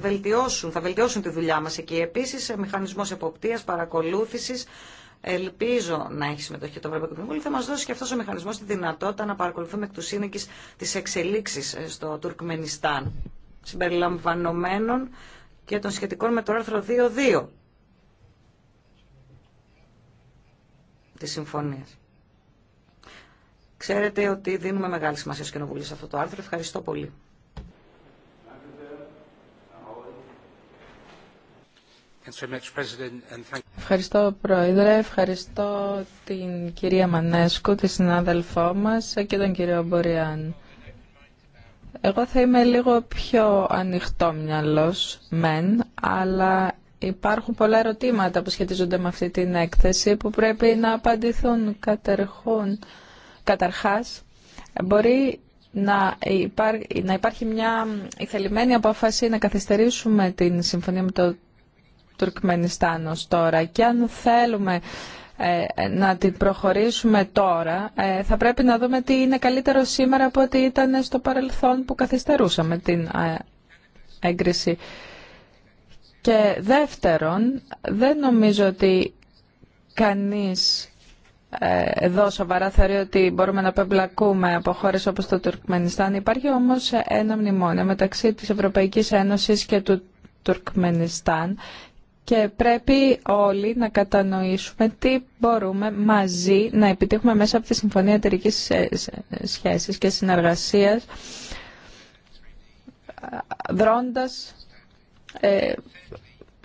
βελτιώσουν, θα βελτιώσουν τη δουλειά μας εκεί. Επίσης, ε, μηχανισμός εποπτείας, παρακολούθησης, Ελπίζω να έχει συμμετοχή το Ευρωπαϊκό Κοινοβούλιο. Θα μα δώσει και αυτό ο μηχανισμό τη δυνατότητα να παρακολουθούμε εκ του σύνοικη τι εξελίξει ε, στο Τουρκμενιστάν, συμπεριλαμβανομένων και των σχετικών με το άρθρο 2.2 Τη συμφωνία. Ξέρετε ότι δίνουμε μεγάλη σημασία στο Κοινοβούλιο σε αυτό το άρθρο. Ευχαριστώ πολύ. Ευχαριστώ Πρόεδρε, ευχαριστώ την κυρία Μανέσκου, τη συνάδελφό μας και τον κύριο Μποριάν. Εγώ θα είμαι λίγο πιο ανοιχτό μεν, αλλά υπάρχουν πολλά ερωτήματα που σχετίζονται με αυτή την έκθεση που πρέπει να απαντηθούν κατερχούν Καταρχάς, μπορεί να, να υπάρχει μια ηθελημένη απόφαση να καθυστερήσουμε την συμφωνία με το Τουρκμενιστάνος τώρα και αν θέλουμε ε, να την προχωρήσουμε τώρα, ε, θα πρέπει να δούμε τι είναι καλύτερο σήμερα από ότι ήταν στο παρελθόν που καθυστερούσαμε την ε, έγκριση. Και δεύτερον, δεν νομίζω ότι κανείς εδώ σοβαρά θεωρεί ότι μπορούμε να πεμπλακούμε από χώρες όπως το Τουρκμενιστάν. Υπάρχει όμως ένα μνημόνιο μεταξύ της Ευρωπαϊκής Ένωσης και του Τουρκμενιστάν και πρέπει όλοι να κατανοήσουμε τι μπορούμε μαζί να επιτύχουμε μέσα από τη Συμφωνία Εταιρικής Σχέσης και Συνεργασίας δρώντας ε,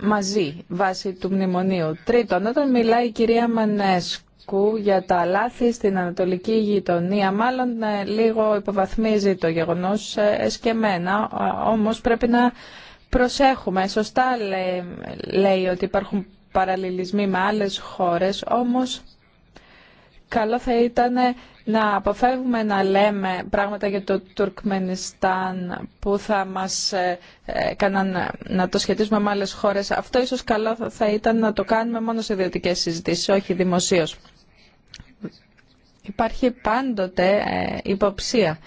μαζί βάσει του μνημονίου. Τρίτον, όταν μιλάει η κυρία Μανέσκου για τα λάθη στην Ανατολική γειτονία, μάλλον ε, λίγο υποβαθμίζει το γεγονός ε, εσκεμένα, όμως πρέπει να προσέχουμε. Σωστά λέει, ότι υπάρχουν παραλληλισμοί με άλλες χώρες, όμως καλό θα ήταν να αποφεύγουμε να λέμε πράγματα για το Τουρκμενιστάν που θα μας ε, ε, έκαναν να το σχετίσουμε με άλλες χώρες. Αυτό ίσως καλό θα ήταν να το κάνουμε μόνο σε ιδιωτικές συζητήσεις, όχι δημοσίως. Υπάρχει πάντοτε ε, υποψία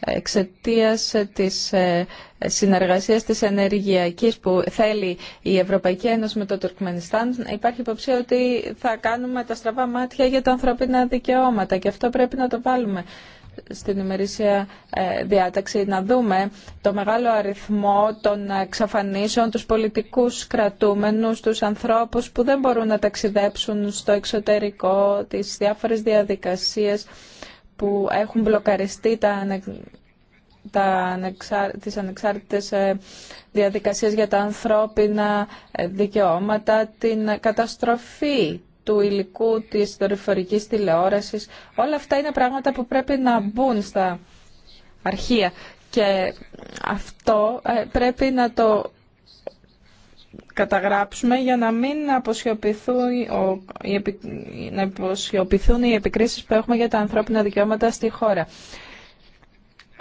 εξαιτίας της ε, συνεργασίας της ενεργειακής που θέλει η Ευρωπαϊκή Ένωση με το Τουρκμενιστάν υπάρχει υποψία ότι θα κάνουμε τα στραβά μάτια για τα ανθρωπίνα δικαιώματα και αυτό πρέπει να το βάλουμε στην ημερήσια ε, διάταξη να δούμε το μεγάλο αριθμό των εξαφανίσεων, τους πολιτικούς κρατούμενους, τους ανθρώπους που δεν μπορούν να ταξιδέψουν στο εξωτερικό, τις διάφορες διαδικασίες που έχουν μπλοκαριστεί τα, τα τις ανεξάρτητες ε, διαδικασίες για τα ανθρώπινα ε, δικαιώματα, την καταστροφή του υλικού της δορυφορικής τηλεόρασης. Όλα αυτά είναι πράγματα που πρέπει να μπουν στα αρχεία και αυτό ε, πρέπει να το καταγράψουμε για να μην αποσιωπηθούν, οι επικρίσεις που έχουμε για τα ανθρώπινα δικαιώματα στη χώρα.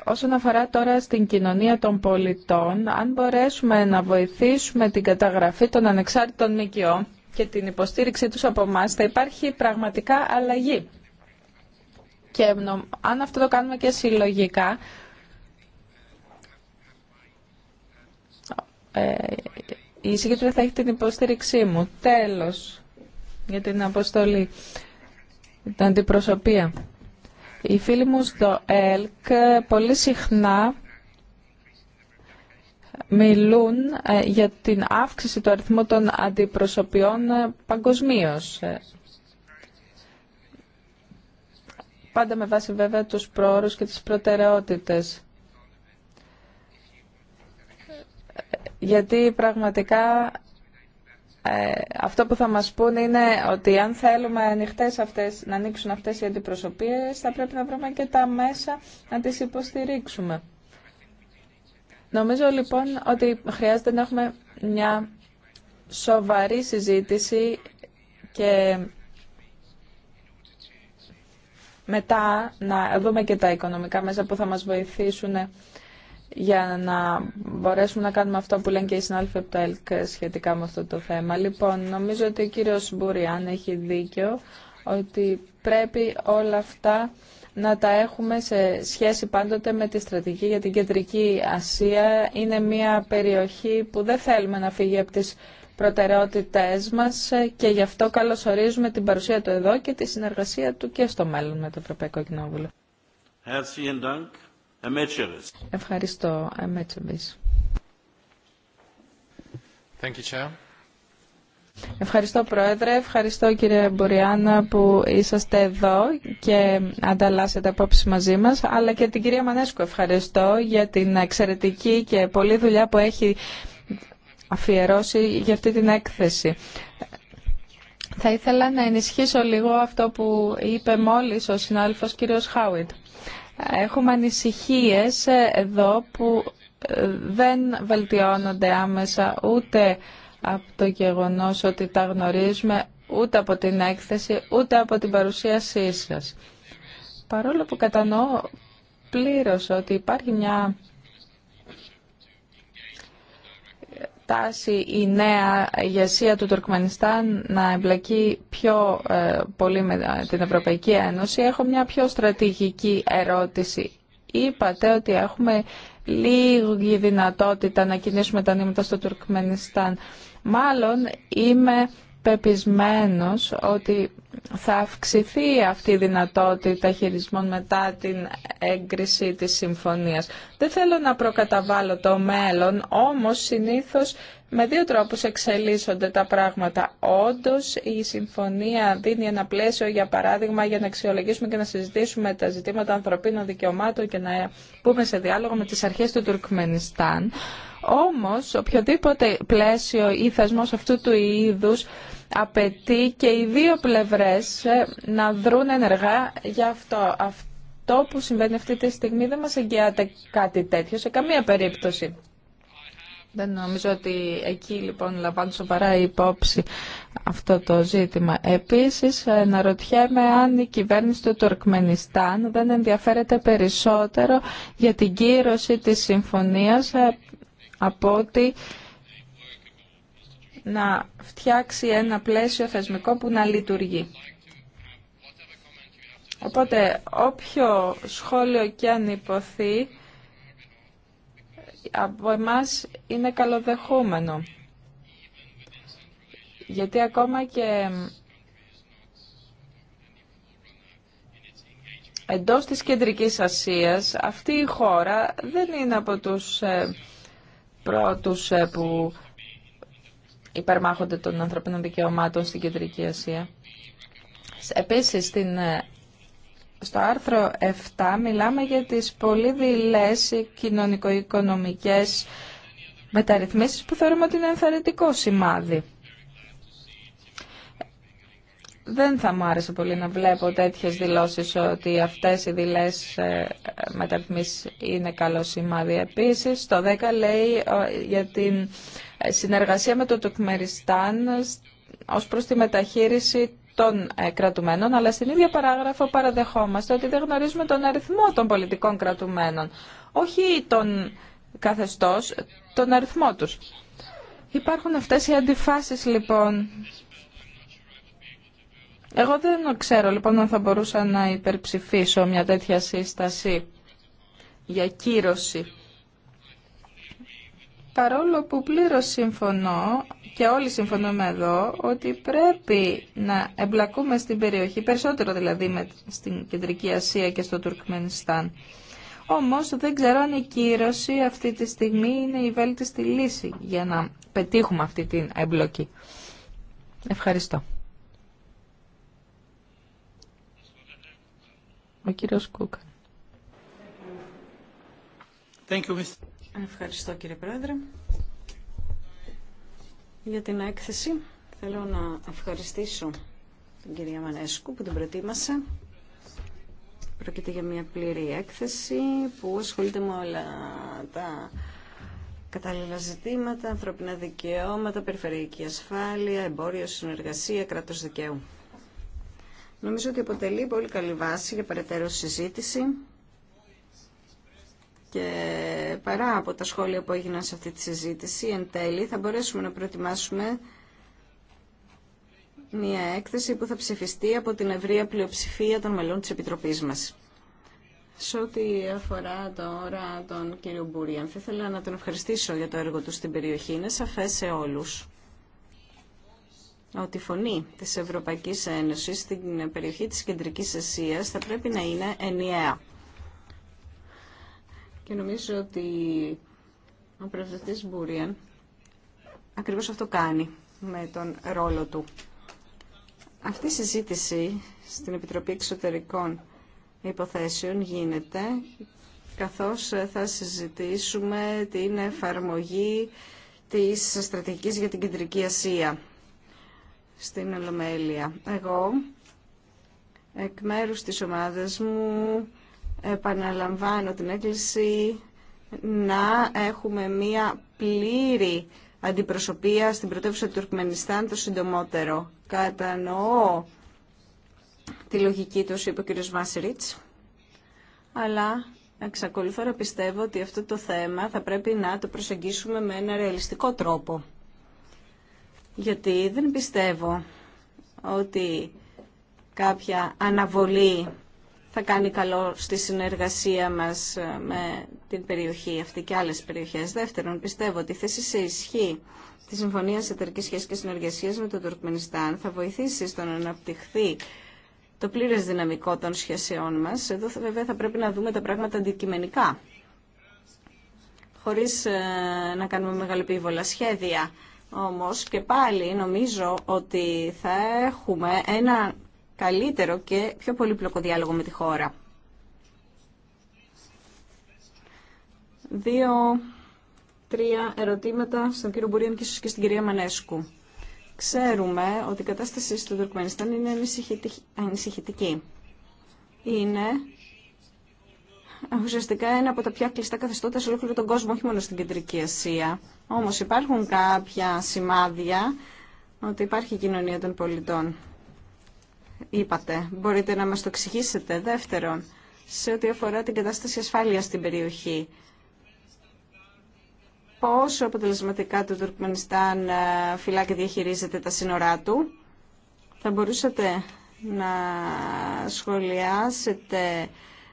Όσον αφορά τώρα στην κοινωνία των πολιτών, αν μπορέσουμε να βοηθήσουμε την καταγραφή των ανεξάρτητων ΜΚΟ και την υποστήριξή τους από εμά, θα υπάρχει πραγματικά αλλαγή. Και αν αυτό το κάνουμε και συλλογικά, ε, η συγκέντρωση θα έχει την υποστήριξή μου. Τέλος, για την αποστολή, την αντιπροσωπεία. Οι φίλοι μου στο ΕΛΚ πολύ συχνά μιλούν ε, για την αύξηση του αριθμού των αντιπροσωπιών ε, παγκοσμίως. Ε, πάντα με βάση βέβαια τους προώρους και τις προτεραιότητες. γιατί πραγματικά ε, αυτό που θα μας πούν είναι ότι αν θέλουμε ανοιχτές αυτές, να ανοίξουν αυτές οι αντιπροσωπείες θα πρέπει να βρούμε και τα μέσα να τις υποστηρίξουμε. Νομίζω λοιπόν ότι χρειάζεται να έχουμε μια σοβαρή συζήτηση και μετά να δούμε και τα οικονομικά μέσα που θα μας βοηθήσουν για να μπορέσουμε να κάνουμε αυτό που λένε και οι συνάδελφοι από το ΕΛΚ σχετικά με αυτό το θέμα. Λοιπόν, νομίζω ότι ο κύριος Μπουριάν έχει δίκιο ότι πρέπει όλα αυτά να τα έχουμε σε σχέση πάντοτε με τη στρατηγική για την Κεντρική Ασία. Είναι μια περιοχή που δεν θέλουμε να φύγει από τις προτεραιότητές μας και γι' αυτό καλωσορίζουμε την παρουσία του εδώ και τη συνεργασία του και στο μέλλον με το Ευρωπαϊκό Κοινόβουλο. Ευχαριστώ. Thank Ευχαριστώ Πρόεδρε, ευχαριστώ κύριε Μπουριάννα, που είσαστε εδώ και ανταλλάσσετε απόψεις μαζί μας, αλλά και την κυρία Μανέσκου ευχαριστώ για την εξαιρετική και πολλή δουλειά που έχει αφιερώσει για αυτή την έκθεση. Θα ήθελα να ενισχύσω λίγο αυτό που είπε μόλις ο συνάδελφος κύριος Χάουιτ. Έχουμε ανησυχίες εδώ που ε, δεν βελτιώνονται άμεσα ούτε από το γεγονός ότι τα γνωρίζουμε, ούτε από την έκθεση, ούτε από την παρουσίασή σας. Παρόλο που κατανοώ πλήρως ότι υπάρχει μια τάση η νέα ηγεσία του Τουρκμενιστάν να εμπλακεί πιο ε, πολύ με ε, την Ευρωπαϊκή Ένωση, έχω μια πιο στρατηγική ερώτηση. Είπατε ότι έχουμε λίγη δυνατότητα να κινήσουμε τα νήματα στο Τουρκμενιστάν. Μάλλον είμαι πεπισμένος ότι θα αυξηθεί αυτή η δυνατότητα χειρισμών μετά την έγκριση της συμφωνίας. Δεν θέλω να προκαταβάλω το μέλλον, όμως συνήθως με δύο τρόπους εξελίσσονται τα πράγματα. Όντως η συμφωνία δίνει ένα πλαίσιο για παράδειγμα για να αξιολογήσουμε και να συζητήσουμε τα ζητήματα ανθρωπίνων δικαιωμάτων και να πούμε σε διάλογο με τις αρχές του Τουρκμενιστάν. Όμως οποιοδήποτε πλαίσιο ή αυτού του είδους απαιτεί και οι δύο πλευρές ε, να δρουν ενεργά για αυτό. Αυτό που συμβαίνει αυτή τη στιγμή δεν μας εγγυάται κάτι τέτοιο σε καμία περίπτωση. Δεν νομίζω ότι εκεί λοιπόν λαμβάνουν σοβαρά υπόψη αυτό το ζήτημα. Επίσης, ε, ρωτιέμαι αν η κυβέρνηση του Τουρκμενιστάν δεν ενδιαφέρεται περισσότερο για την κύρωση της συμφωνίας ε, από ότι να φτιάξει ένα πλαίσιο θεσμικό που να λειτουργεί. Οπότε όποιο σχόλιο και αν υποθεί από εμάς είναι καλοδεχούμενο. Γιατί ακόμα και εντός της Κεντρικής Ασίας αυτή η χώρα δεν είναι από τους ε, πρώτους ε, που υπερμάχονται των ανθρωπίνων δικαιωμάτων στην Κεντρική Ασία. Επίσης, ε, στο άρθρο 7 μιλάμε για τις πολύ δειλές κοινωνικο-οικονομικές μεταρρυθμίσεις που θεωρούμε ότι είναι ενθαρρυντικό σημάδι. Δεν θα μου άρεσε πολύ να βλέπω τέτοιες δηλώσεις ότι αυτές οι δηλές ε, μεταρρυθμίσεις είναι καλό σημάδι. Επίσης, το 10 λέει ε, για την συνεργασία με το Τουρκμεριστάν ως προς τη μεταχείριση των ε, κρατουμένων, αλλά στην ίδια παράγραφο παραδεχόμαστε ότι δεν γνωρίζουμε τον αριθμό των πολιτικών κρατουμένων, όχι τον καθεστώς, τον αριθμό τους. Υπάρχουν αυτές οι αντιφάσεις λοιπόν. Εγώ δεν ξέρω λοιπόν αν θα μπορούσα να υπερψηφίσω μια τέτοια σύσταση για κύρωση Παρόλο που πλήρως συμφωνώ και όλοι συμφωνούμε εδώ ότι πρέπει να εμπλακούμε στην περιοχή, περισσότερο δηλαδή στην Κεντρική Ασία και στο Τουρκμενιστάν. Όμως δεν ξέρω αν η κύρωση αυτή τη στιγμή είναι η βέλτιστη λύση για να πετύχουμε αυτή την εμπλοκή. Ευχαριστώ. Ο κύριος Thank you, Ευχαριστώ κύριε Πρόεδρε για την έκθεση. Θέλω να ευχαριστήσω την κυρία Μανέσκου που την προτίμασε. Πρόκειται για μια πλήρη έκθεση που ασχολείται με όλα τα κατάλληλα ζητήματα, ανθρώπινα δικαιώματα, περιφερειακή ασφάλεια, εμπόριο, συνεργασία, κράτος δικαίου. Νομίζω ότι αποτελεί πολύ καλή βάση για περαιτέρω συζήτηση και παρά από τα σχόλια που έγιναν σε αυτή τη συζήτηση, εν τέλει θα μπορέσουμε να προετοιμάσουμε μια έκθεση που θα ψηφιστεί από την ευρεία πλειοψηφία των μελών της Επιτροπής μας. Σε ό,τι αφορά τώρα τον κύριο Μπούριαν, θα ήθελα να τον ευχαριστήσω για το έργο του στην περιοχή. Είναι σαφές σε όλους ότι η φωνή της Ευρωπαϊκής Ένωσης στην περιοχή της Κεντρικής Ασίας θα πρέπει να είναι ενιαία. Και νομίζω ότι ο Πρεσβευτής Μπούριαν ακριβώς αυτό κάνει με τον ρόλο του. Αυτή η συζήτηση στην Επιτροπή Εξωτερικών Υποθέσεων γίνεται καθώς θα συζητήσουμε την εφαρμογή της στρατηγικής για την Κεντρική Ασία στην Ολομέλεια. Εγώ, εκ μέρους της ομάδας μου, επαναλαμβάνω την έκκληση να έχουμε μία πλήρη αντιπροσωπεία στην πρωτεύουσα του Τουρκμενιστάν το συντομότερο. Κατανοώ τη λογική του, είπε ο κ. Βάσιριτς, αλλά εξακολουθώ να πιστεύω ότι αυτό το θέμα θα πρέπει να το προσεγγίσουμε με ένα ρεαλιστικό τρόπο. Γιατί δεν πιστεύω ότι κάποια αναβολή θα κάνει καλό στη συνεργασία μας ε, με την περιοχή αυτή και άλλες περιοχές. Δεύτερον, πιστεύω ότι η θέση σε ισχύ τη Συμφωνία Εταιρική Σχέση και Συνεργασία με το Τουρκμενιστάν θα βοηθήσει στο να αναπτυχθεί το πλήρες δυναμικό των σχέσεών μας. Εδώ βέβαια θα πρέπει να δούμε τα πράγματα αντικειμενικά, χωρί ε, να κάνουμε μεγαλοπίβολα σχέδια. Όμως και πάλι νομίζω ότι θα έχουμε ένα καλύτερο και πιο πολύπλοκο διάλογο με τη χώρα. Δύο, τρία ερωτήματα στον κύριο Μπουρίαν και ίσως και στην κυρία Μανέσκου. Ξέρουμε ότι η κατάσταση στο Τουρκμενιστάν είναι ανησυχητική. Είναι ουσιαστικά ένα από τα πιο κλειστά καθεστώτα σε ολόκληρο τον κόσμο, όχι μόνο στην Κεντρική Ασία. Όμως υπάρχουν κάποια σημάδια ότι υπάρχει κοινωνία των πολιτών είπατε. Μπορείτε να μας το εξηγήσετε. Δεύτερον, σε ό,τι αφορά την κατάσταση ασφάλειας στην περιοχή, πόσο αποτελεσματικά το Τουρκμενιστάν ε, φυλά και διαχειρίζεται τα σύνορά του. Θα μπορούσατε να σχολιάσετε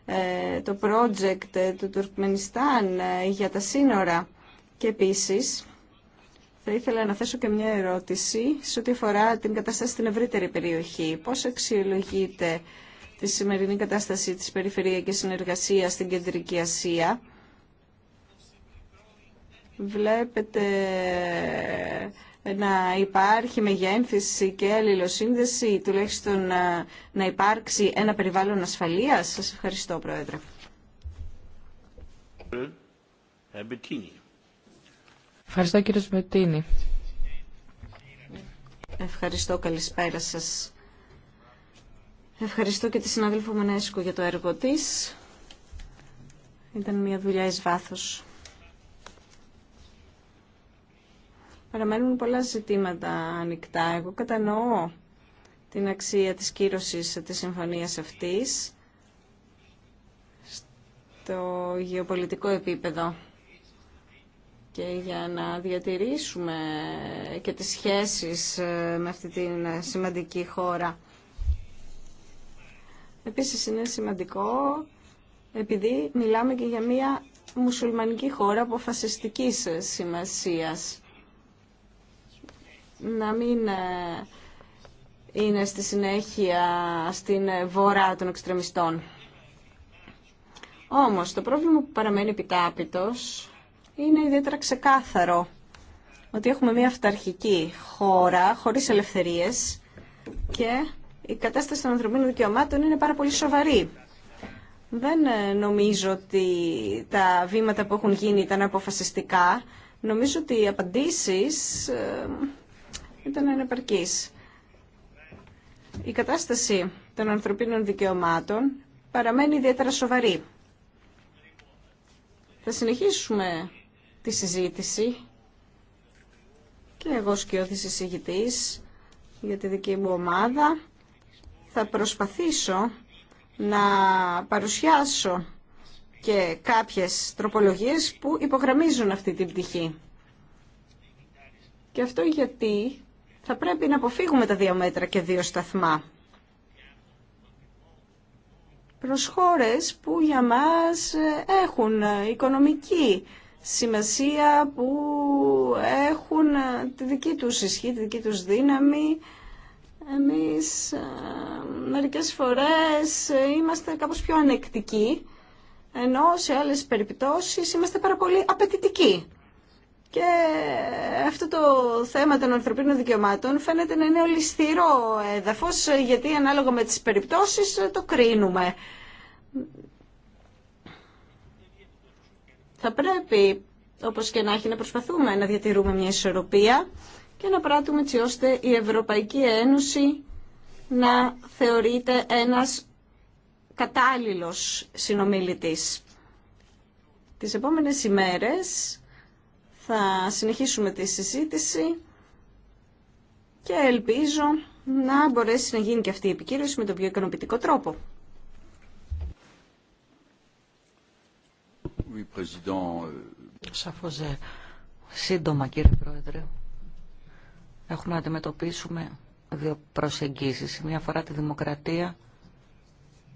ε, το project του Τουρκμενιστάν ε, για τα σύνορα και επίσης θα ήθελα να θέσω και μια ερώτηση σε ό,τι αφορά την κατάσταση στην ευρύτερη περιοχή. Πώς αξιολογείται τη σημερινή κατάσταση της περιφερειακής συνεργασίας στην Κεντρική Ασία. Βλέπετε να υπάρχει μεγένθηση και αλληλοσύνδεση, τουλάχιστον ε, να, υπάρξει ένα περιβάλλον ασφαλείας. Σας ευχαριστώ, Πρόεδρε. Ε, Ευχαριστώ κύριε Σμετίνη. Ευχαριστώ, καλησπέρα σας. Ευχαριστώ και τη συναδέλφο Μενέσκου για το έργο της. Ήταν μια δουλειά εις βάθος. Παραμένουν πολλά ζητήματα ανοιχτά. Εγώ κατανοώ την αξία της κύρωσης της συμφωνίας αυτής στο γεωπολιτικό επίπεδο και για να διατηρήσουμε και τις σχέσεις ε, με αυτή την ε, σημαντική χώρα. Επίσης είναι σημαντικό επειδή μιλάμε και για μια μουσουλμανική χώρα αποφασιστικής ε, σημασίας. Να μην είναι στη συνέχεια στην βορρά των εξτρεμιστών. Όμως το πρόβλημα που παραμένει επιτάπητος είναι ιδιαίτερα ξεκάθαρο ότι έχουμε μια αυταρχική χώρα χωρίς ελευθερίες και η κατάσταση των ανθρωπίνων δικαιωμάτων είναι πάρα πολύ σοβαρή. Δεν ε, νομίζω ότι τα βήματα που έχουν γίνει ήταν αποφασιστικά. Νομίζω ότι οι απαντήσεις ε, ήταν ανεπαρκείς. Η κατάσταση των ανθρωπίνων δικαιωμάτων παραμένει ιδιαίτερα σοβαρή. Θα συνεχίσουμε τη συζήτηση και εγώ σκιώθηση εισηγητής για τη δική μου ομάδα θα προσπαθήσω να παρουσιάσω και κάποιες τροπολογίες που υπογραμμίζουν αυτή την πτυχή. Και αυτό γιατί θα πρέπει να αποφύγουμε τα δύο μέτρα και δύο σταθμά. Προς που για μας έχουν οικονομική σημασία που έχουν ε, τη δική τους ισχύ, τη δική τους δύναμη. Εμείς ε, μερικές φορές ε, είμαστε κάπως πιο ανεκτικοί, ενώ σε άλλες περιπτώσεις είμαστε πάρα πολύ απαιτητικοί. Και αυτό το θέμα των ανθρωπίνων δικαιωμάτων φαίνεται να είναι ολισθηρό έδαφος, γιατί ανάλογα με τις περιπτώσεις το κρίνουμε. Θα πρέπει, όπως και να έχει, να προσπαθούμε να διατηρούμε μια ισορροπία και να πράττουμε έτσι ώστε η Ευρωπαϊκή Ένωση να θεωρείται ένας κατάλληλος συνομιλητής. Τις επόμενες ημέρες θα συνεχίσουμε τη συζήτηση και ελπίζω να μπορέσει να γίνει και αυτή η επικύρωση με τον πιο ικανοποιητικό τρόπο. Euh, Σαφώς, ε, σύντομα κύριε Πρόεδρε, έχουμε να αντιμετωπίσουμε δύο προσεγγίσεις. μία αφορά τη δημοκρατία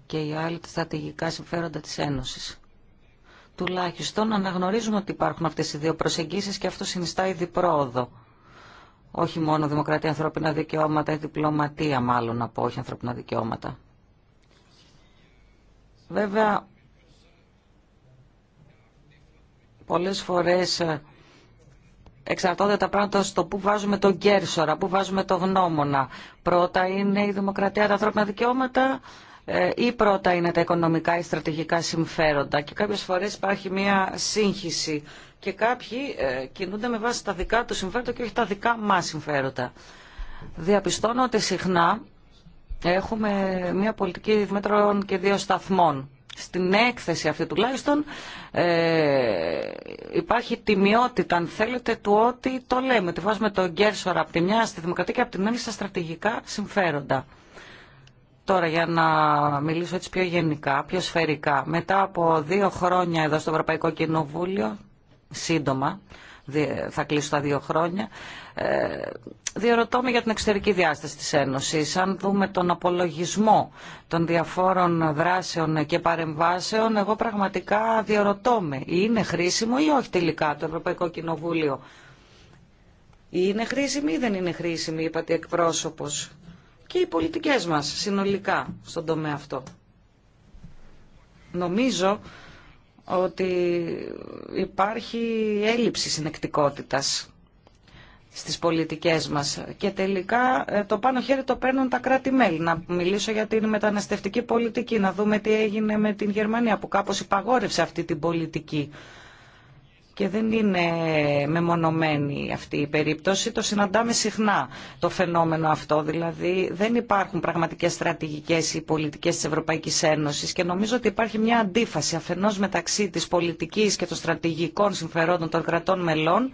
και η άλλη τα στρατηγικά συμφέροντα της Ένωσης. Τουλάχιστον αναγνωρίζουμε ότι υπάρχουν αυτές οι δύο προσεγγίσεις και αυτό συνιστά ήδη πρόοδο. Όχι μόνο δημοκρατία, ανθρώπινα δικαιώματα ή διπλωματία μάλλον από όχι ανθρώπινα δικαιώματα. Βέβαια, Πολλές φορές ε, εξαρτώνται τα πράγματα στο που βάζουμε τον κέρσορα, που βάζουμε το γνώμονα. Πρώτα είναι η δημοκρατία, τα ανθρώπινα δικαιώματα ε, ή πρώτα είναι τα οικονομικά ή στρατηγικά συμφέροντα. Και κάποιες φορές υπάρχει μια σύγχυση και κάποιοι ε, κινούνται με βάση τα δικά του συμφέροντα και όχι τα δικά μας συμφέροντα. Διαπιστώνω ότι συχνά έχουμε μια πολιτική μέτρων και δύο σταθμών στην έκθεση αυτή τουλάχιστον ε, υπάρχει τιμιότητα, αν θέλετε, του ότι το λέμε. Τη βάζουμε τον Κέρσορα, από τη μια στη Δημοκρατία και από την άλλη στα στρατηγικά συμφέροντα. Τώρα για να μιλήσω έτσι πιο γενικά, πιο σφαιρικά. Μετά από δύο χρόνια εδώ στο Ευρωπαϊκό Κοινοβούλιο, σύντομα, θα κλείσω τα δύο χρόνια, ε, διερωτώ με για την εξωτερική διάσταση της Ένωσης. Αν δούμε τον απολογισμό των διαφόρων δράσεων και παρεμβάσεων, εγώ πραγματικά διερωτώ με. Είναι χρήσιμο ή όχι τελικά το Ευρωπαϊκό Κοινοβούλιο. Είναι χρήσιμο ή δεν είναι χρήσιμη, είπατε εκπρόσωπος. Και οι πολιτικές μας συνολικά στον τομέα αυτό. Νομίζω ότι υπάρχει έλλειψη συνεκτικότητας στις πολιτικές μας και τελικά ε, το πάνω χέρι το παίρνουν τα κράτη-μέλη. Να μιλήσω για την μεταναστευτική πολιτική, να δούμε τι έγινε με την Γερμανία που κάπως υπαγόρευσε αυτή την πολιτική και δεν είναι μεμονωμένη αυτή η περίπτωση. Το συναντάμε συχνά το φαινόμενο αυτό. Δηλαδή δεν υπάρχουν πραγματικές στρατηγικές ή πολιτικές της Ευρωπαϊκής Ένωσης και νομίζω ότι υπάρχει μια αντίφαση αφενός μεταξύ της πολιτικής και των στρατηγικών συμφερόντων των κρατών μελών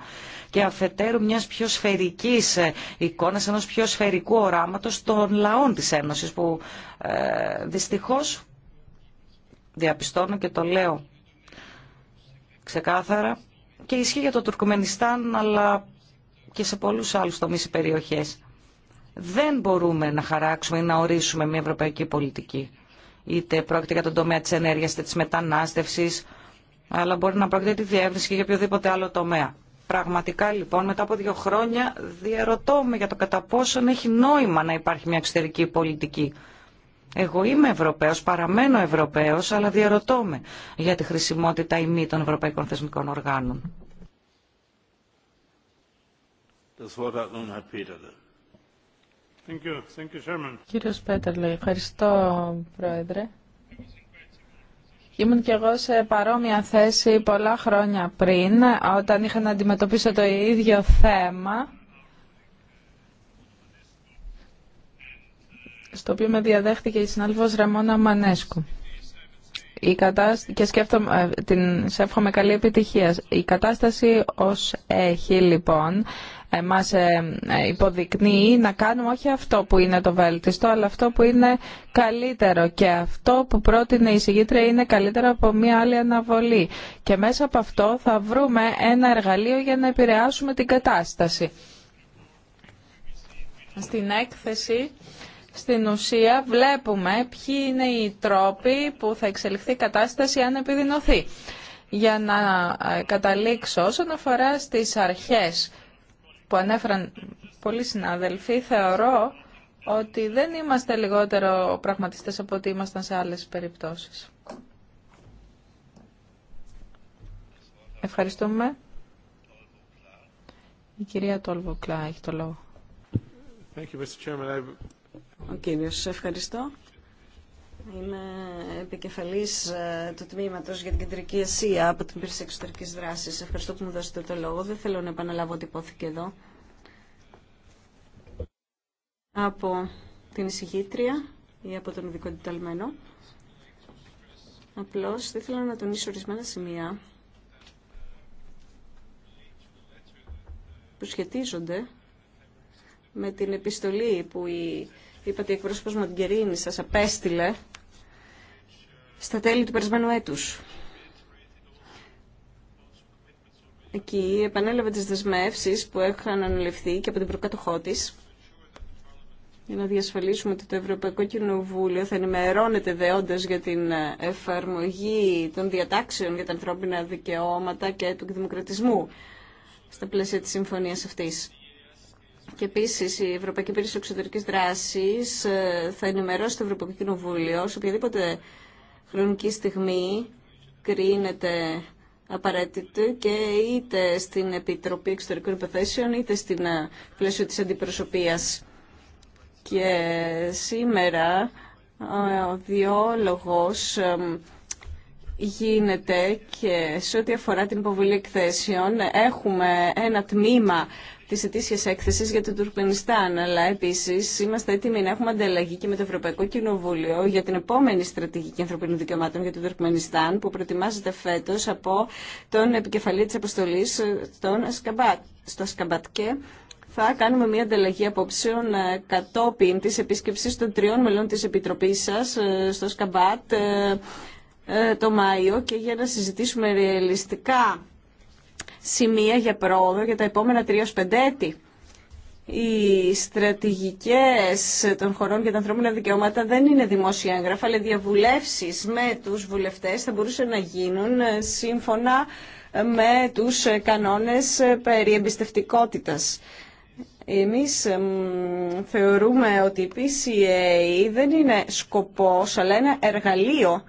και αφετέρου μιας πιο σφαιρικής εικόνας, ενός πιο σφαιρικού οράματος των λαών της Ένωσης που ε, δυστυχώς διαπιστώνω και το λέω ξεκάθαρα και ισχύει για το Τουρκμενιστάν αλλά και σε πολλού άλλου τομείς ή περιοχές. Δεν μπορούμε να χαράξουμε ή να ορίσουμε μια ευρωπαϊκή πολιτική. Είτε πρόκειται για τον τομέα τη ενέργεια είτε τη μετανάστευση, αλλά μπορεί να πρόκειται τη διεύρυνση και για οποιοδήποτε άλλο τομέα. Πραγματικά λοιπόν μετά από δύο χρόνια διαρωτώ με για το κατά πόσον έχει νόημα να υπάρχει μια εξωτερική πολιτική. Εγώ είμαι Ευρωπαίος, παραμένω Ευρωπαίος, αλλά διαρωτώ με για τη χρησιμότητα ή μη των ευρωπαϊκών θεσμικών οργάνων. Das Κύριος Πέτερλε, ευχαριστώ Πρόεδρε. Ήμουν και εγώ σε παρόμοια θέση πολλά χρόνια πριν, όταν είχα να αντιμετωπίσω το ίδιο θέμα, στο οποίο με διαδέχτηκε η συνάδελφος Ρεμόνα Μανέσκου. Η Και σκέφτομαι, ε, την... σε εύχομαι καλή επιτυχία. Η κατάσταση ως έχει λοιπόν μας ε, ε, υποδεικνύει να κάνουμε όχι αυτό που είναι το βέλτιστο, αλλά αυτό που είναι καλύτερο. Και αυτό που πρότεινε η συγγήτρια είναι καλύτερο από μια άλλη αναβολή. Και μέσα από αυτό θα βρούμε ένα εργαλείο για να επηρεάσουμε την κατάσταση. Στην έκθεση στην ουσία βλέπουμε ποιοι είναι οι τρόποι που θα εξελιχθεί η κατάσταση αν επιδεινωθεί. Για να ε, καταλήξω όσον αφορά στις αρχές που ανέφεραν πολλοί συνάδελφοι, θεωρώ ότι δεν είμαστε λιγότερο πραγματιστές από ότι ήμασταν σε άλλες περιπτώσεις. Ευχαριστούμε. Η κυρία Τολβοκλά. έχει το λόγο. Thank you, ο κύριος, ευχαριστώ. Είμαι επικεφαλής ε, του τμήματος για την Κεντρική Ασία από την Υπηρεσία Εξωτερικής Δράσης. Ευχαριστώ που μου δώσετε το λόγο. Δεν θέλω να επαναλάβω ότι υπόθηκε εδώ. Από την εισηγήτρια ή από τον ειδικό εντεταλμένο. Απλώς ήθελα να τονίσω ορισμένα σημεία που σχετίζονται με την επιστολή που η Είπατε ότι εκπρόσωπο Μαντγκερίνη σας απέστειλε στα τέλη του περασμένου. έτους. Εκεί επανέλαβε τις δεσμεύσεις που είχαν αναλυφθεί και από την προκατοχό τη για να διασφαλίσουμε ότι το Ευρωπαϊκό Κοινοβούλιο θα ενημερώνεται δεόντως για την εφαρμογή των διατάξεων για τα ανθρώπινα δικαιώματα και του δημοκρατισμού στα πλαίσια της συμφωνίας αυτής. Και επίση η Ευρωπαϊκή Υπηρεσία Εξωτερική Δράση ε, θα ενημερώσει το Ευρωπαϊκό Κοινοβούλιο σε οποιαδήποτε χρονική στιγμή κρίνεται απαραίτητο και είτε στην Επιτροπή Εξωτερικών Υποθέσεων είτε στην ε, πλαίσιο της αντιπροσωπείας. Και σήμερα ε, ο διόλογος γίνεται και σε ό,τι αφορά την υποβολή εκθέσεων έχουμε ένα τμήμα τη ετήσια έκθεση για το Τουρκμενιστάν. Αλλά επίση είμαστε έτοιμοι να έχουμε ανταλλαγή και με το Ευρωπαϊκό Κοινοβούλιο για την επόμενη στρατηγική ανθρωπίνων δικαιωμάτων για το Τουρκμενιστάν που προετοιμάζεται φέτο από τον επικεφαλή τη αποστολή στο Ασκαμπάτ. Και θα κάνουμε μια ανταλλαγή απόψεων ε, κατόπιν τη επίσκεψη των τριών μελών τη επιτροπή σα ε, στο Σκαμπάτ ε, το Μάιο και για να συζητήσουμε ρεαλιστικά σημεία για πρόοδο για τα επομενα τρία 3-5 έτη. Οι στρατηγικές των χωρών για τα ανθρώπινα δικαιώματα δεν είναι δημόσια έγγραφα, αλλά διαβουλεύσεις με τους βουλευτές θα μπορούσαν να γίνουν σύμφωνα με τους κανόνες περί εμπιστευτικότητας. Εμείς θεωρούμε ότι η PCA δεν είναι σκοπός, αλλά ένα εργαλείο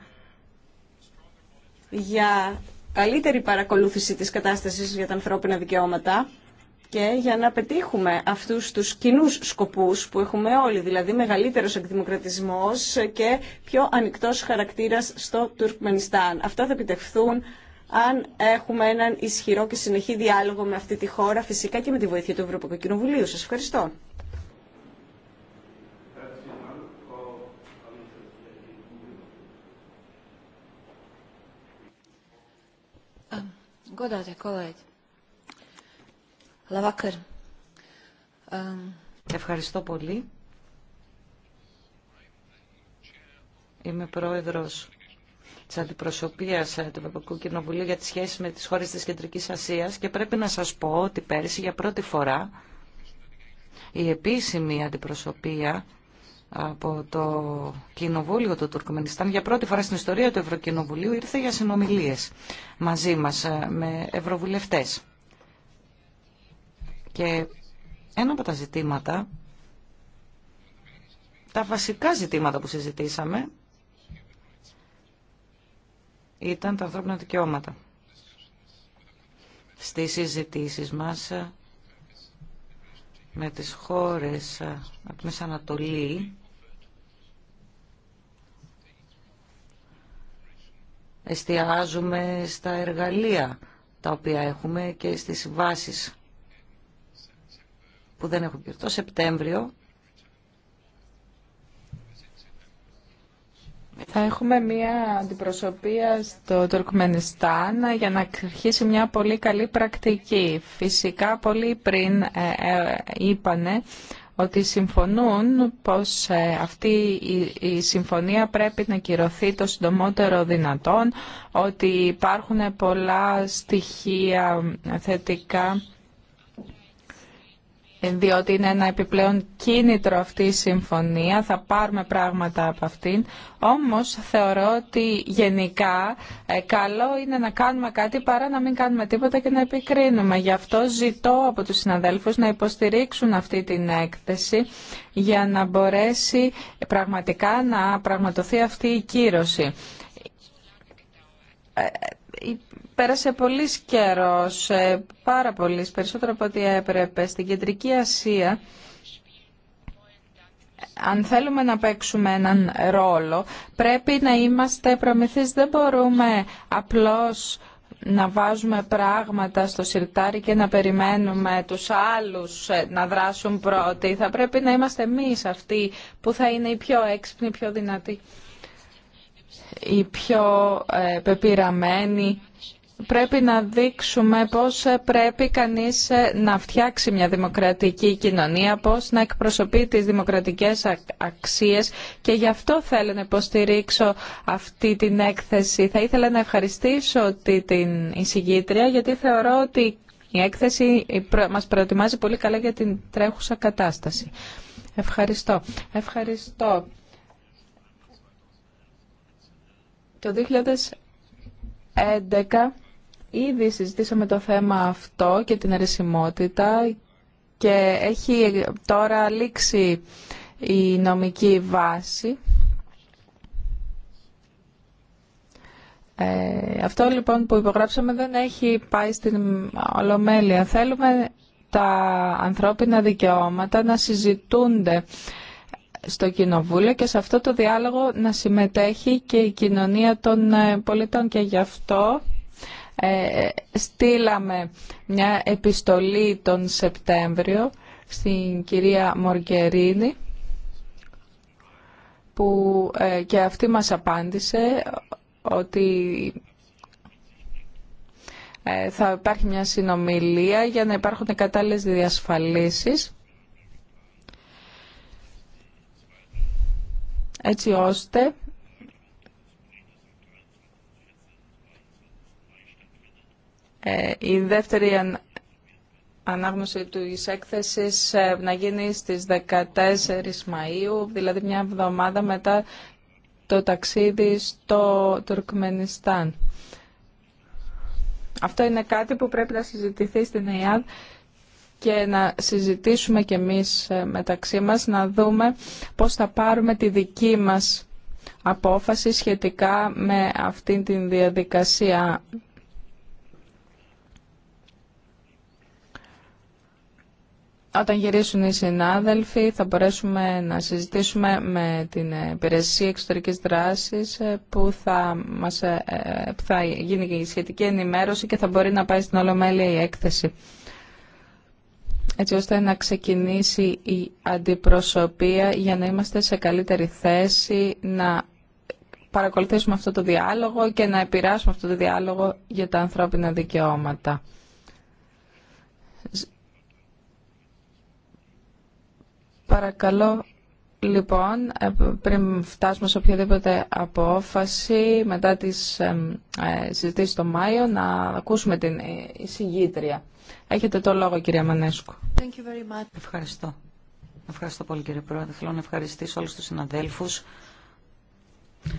για καλύτερη παρακολούθηση της κατάστασης για τα ανθρώπινα δικαιώματα και για να πετύχουμε αυτούς τους κοινού σκοπούς που έχουμε όλοι, δηλαδή μεγαλύτερος εκδημοκρατισμός και πιο ανοιχτός χαρακτήρας στο Τουρκμενιστάν. Αυτά θα επιτευχθούν αν έχουμε έναν ισχυρό και συνεχή διάλογο με αυτή τη χώρα, φυσικά και με τη βοήθεια του Ευρωπαϊκού Κοινοβουλίου. Σας ευχαριστώ. Godātie kolēģi, um, Ευχαριστώ πολύ. Είμαι πρόεδρος της Αντιπροσωπείας του Ευρωπαϊκού Κοινοβουλίου για τις σχέσεις με τις χώρες της Κεντρικής Ασίας και πρέπει να σας πω ότι πέρυσι για πρώτη φορά η επίσημη αντιπροσωπεία από το Κοινοβούλιο του Τουρκμενιστάν για πρώτη φορά στην ιστορία του Ευρωκοινοβουλίου ήρθε για συνομιλίες μαζί μας ε, με ευρωβουλευτές. Και ένα από τα ζητήματα, τα βασικά ζητήματα που συζητήσαμε ήταν τα ανθρώπινα δικαιώματα. Στις συζητήσεις μας ε, με τις χώρες ε, από τη Ανατολή εστιάζουμε στα εργαλεία τα οποία έχουμε και στις βάσεις που δεν έχουμε πει. Το Σεπτέμβριο Θα έχουμε μία αντιπροσωπεία στο Τουρκμενιστάν για να αρχίσει μια πολύ καλή πρακτική. Φυσικά, πολύ πριν ε, ε είπανε ότι συμφωνούν πως ε, αυτή η συμφωνία πρέπει να κυρωθεί το συντομότερο δυνατόν, ότι υπάρχουν πολλά στοιχεία ε, θετικά διότι είναι ένα επιπλέον κίνητρο αυτή η συμφωνία, θα πάρουμε πράγματα από αυτήν. Όμως θεωρώ ότι γενικά ε, καλό είναι να κάνουμε κάτι παρά να μην κάνουμε τίποτα και να επικρίνουμε. Γι' αυτό ζητώ από τους συναδέλφους να υποστηρίξουν αυτή την έκθεση για να μπορέσει πραγματικά να πραγματοθεί αυτή η κύρωση ε, ε, πέρασε πολύ καιρό, ε, πάρα πολύ, περισσότερο από ό,τι έπρεπε. Στην Κεντρική Ασία, αν θέλουμε να παίξουμε έναν ρόλο, πρέπει να είμαστε προμηθείς. Δεν μπορούμε απλώς να βάζουμε πράγματα στο σιρτάρι και να περιμένουμε τους άλλους ε, να δράσουν πρώτοι. Θα πρέπει να είμαστε εμείς αυτοί που θα είναι οι πιο έξυπνοι, οι πιο δυνατοί, οι πιο ε, πεπειραμένοι πρέπει να δείξουμε πώς πρέπει κανείς ε, να φτιάξει μια δημοκρατική κοινωνία, πώς να εκπροσωπεί τις δημοκρατικές αξίες και γι' αυτό θέλω να υποστηρίξω αυτή την έκθεση. Θα ήθελα να ευχαριστήσω την εισηγήτρια γιατί θεωρώ ότι η έκθεση μας προετοιμάζει πολύ καλά για την τρέχουσα κατάσταση. Ευχαριστώ. Ευχαριστώ. Το 2011 Ήδη συζητήσαμε το θέμα αυτό και την αρισιμότητα και έχει τώρα λήξει η νομική βάση. Ε, αυτό λοιπόν που υπογράψαμε δεν έχει πάει στην Ολομέλεια. Θέλουμε τα ανθρώπινα δικαιώματα να συζητούνται στο Κοινοβούλιο και σε αυτό το διάλογο να συμμετέχει και η κοινωνία των ε, πολιτών και γι' αυτό ε, στείλαμε μια επιστολή τον Σεπτέμβριο στην κυρία Μοργκερίνη που ε, και αυτή μας απάντησε ότι ε, θα υπάρχει μια συνομιλία για να υπάρχουν κατάλληλες διασφαλίσεις έτσι ώστε Ε, η δεύτερη ανάγνωση του έκθεσης ε, να γίνει στις 14 Μαΐου, δηλαδή μια εβδομάδα μετά το ταξίδι στο Τουρκμενιστάν. Αυτό είναι κάτι που πρέπει να συζητηθεί στην ΕΙΑΔ και να συζητήσουμε κι εμείς ε, μεταξύ μας, να δούμε πώς θα πάρουμε τη δική μας απόφαση σχετικά με αυτήν την διαδικασία Όταν γυρίσουν οι συνάδελφοι θα μπορέσουμε να συζητήσουμε με την υπηρεσία εξωτερικής δράσης ε, που θα, μας, ε, ε, θα γίνει και η σχετική ενημέρωση και θα μπορεί να πάει στην Ολομέλεια η έκθεση έτσι ώστε να ξεκινήσει η αντιπροσωπεία για να είμαστε σε καλύτερη θέση να παρακολουθήσουμε αυτό το διάλογο και να επηρεάσουμε αυτό το διάλογο για τα ανθρώπινα δικαιώματα. Παρακαλώ Λοιπόν, ε, πριν φτάσουμε σε οποιαδήποτε απόφαση, μετά τις ε, συζητήσεις το Μάιο, να ακούσουμε την εισηγήτρια. Έχετε το λόγο, κυρία Μανέσκου. Thank you very much. Ευχαριστώ. Ευχαριστώ πολύ, κύριε Πρόεδρε. Θέλω να ευχαριστήσω όλους τους συναδέλφους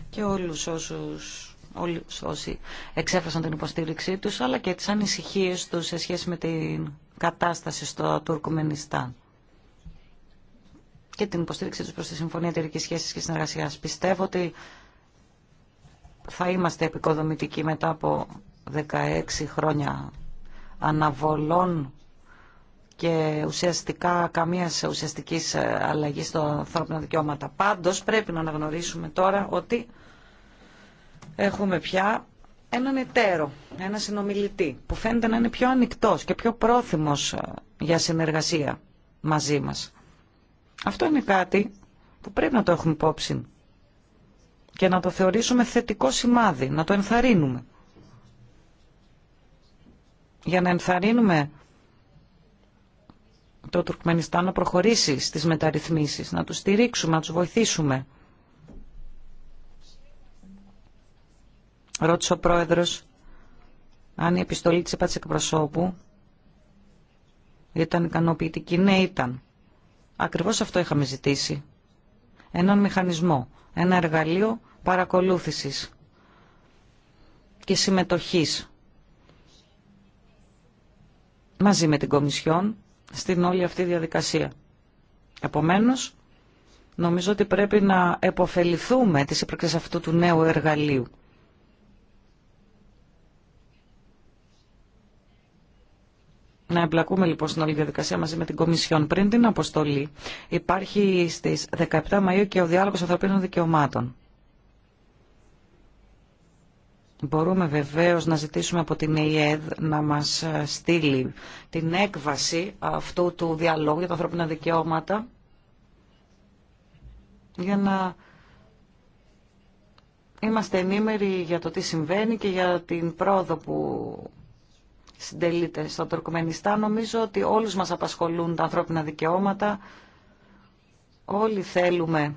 και όλους όσους όλους όσοι εξέφρασαν την υποστήριξή τους, αλλά και τις ανησυχίες τους σε σχέση με την κατάσταση στο Τουρκουμενιστάν και την υποστήριξή τους προς τη Συμφωνία Εταιρικής Σχέσης και Συνεργασίας. Πιστεύω ότι θα είμαστε επικοδομητικοί μετά από 16 χρόνια αναβολών και ουσιαστικά καμία ουσιαστική ε, αλλαγή στο ανθρώπινα δικαιώματα. Πάντως πρέπει να αναγνωρίσουμε τώρα ότι έχουμε πια έναν εταίρο, έναν συνομιλητή που φαίνεται να είναι πιο ανοιχτός και πιο πρόθυμος ε, για συνεργασία μαζί μας. Αυτό είναι κάτι που πρέπει να το έχουμε υπόψη και να το θεωρήσουμε θετικό σημάδι, να το ενθαρρύνουμε. Για να ενθαρρύνουμε το Τουρκμενιστάν να προχωρήσει στις μεταρρυθμίσεις, να τους στηρίξουμε, να τους βοηθήσουμε. Ρώτησε ο πρόεδρος αν η επιστολή της ΕΠΑΤΣ εκπροσώπου ήταν ικανοποιητική. Ναι, ήταν. Ακριβώς αυτό είχαμε ζητήσει. Έναν μηχανισμό, ένα εργαλείο παρακολούθησης και συμμετοχής μαζί με την Κομισιόν στην όλη αυτή διαδικασία. Επομένως, νομίζω ότι πρέπει να επωφεληθούμε της ύπαρξης αυτού του νέου εργαλείου. να εμπλακούμε λοιπόν στην όλη διαδικασία μαζί με την Κομισιόν πριν την αποστολή. Υπάρχει στις 17 Μαΐου και ο διάλογος ανθρωπίνων δικαιωμάτων. Μπορούμε βεβαίως να ζητήσουμε από την ΕΙΕΔ να μας στείλει την έκβαση αυτού του διαλόγου για τα ανθρώπινα δικαιώματα για να είμαστε ενήμεροι για το τι συμβαίνει και για την πρόοδο που συντελείται στο Τουρκμενιστάν. Νομίζω ότι όλους μας απασχολούν τα ανθρώπινα δικαιώματα. Όλοι θέλουμε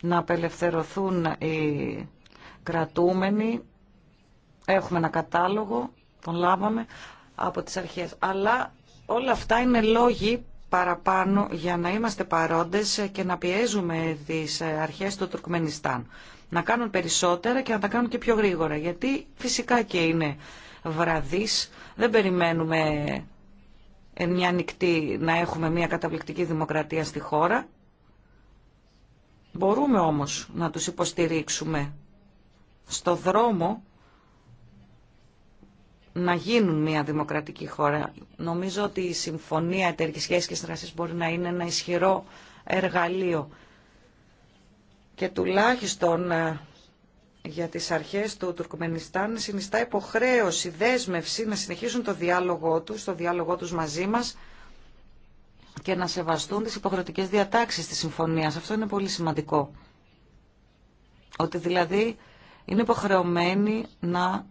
να απελευθερωθούν οι κρατούμενοι. Έχουμε ένα κατάλογο, τον λάβαμε από τις αρχές. Αλλά όλα αυτά είναι λόγοι παραπάνω για να είμαστε παρόντες και να πιέζουμε τις αρχές του Τουρκμενιστάν. Να κάνουν περισσότερα και να τα κάνουν και πιο γρήγορα, γιατί φυσικά και είναι βραδείς. Δεν περιμένουμε ε, μια νυχτή να έχουμε μια καταπληκτική δημοκρατία στη χώρα. Μπορούμε όμως να τους υποστηρίξουμε στο δρόμο να γίνουν μια δημοκρατική χώρα. Νομίζω ότι η συμφωνία εταιρική σχέση και συνεργασία μπορεί να είναι ένα ισχυρό εργαλείο. Και τουλάχιστον ε, για τις αρχές του Τουρκμενιστάν συνιστά υποχρέωση, δέσμευση να συνεχίσουν το διάλογό τους, το διάλογό τους μαζί μας και να σεβαστούν τις υποχρεωτικές διατάξεις της συμφωνίας. Αυτό είναι πολύ σημαντικό. Ότι δηλαδή είναι υποχρεωμένοι να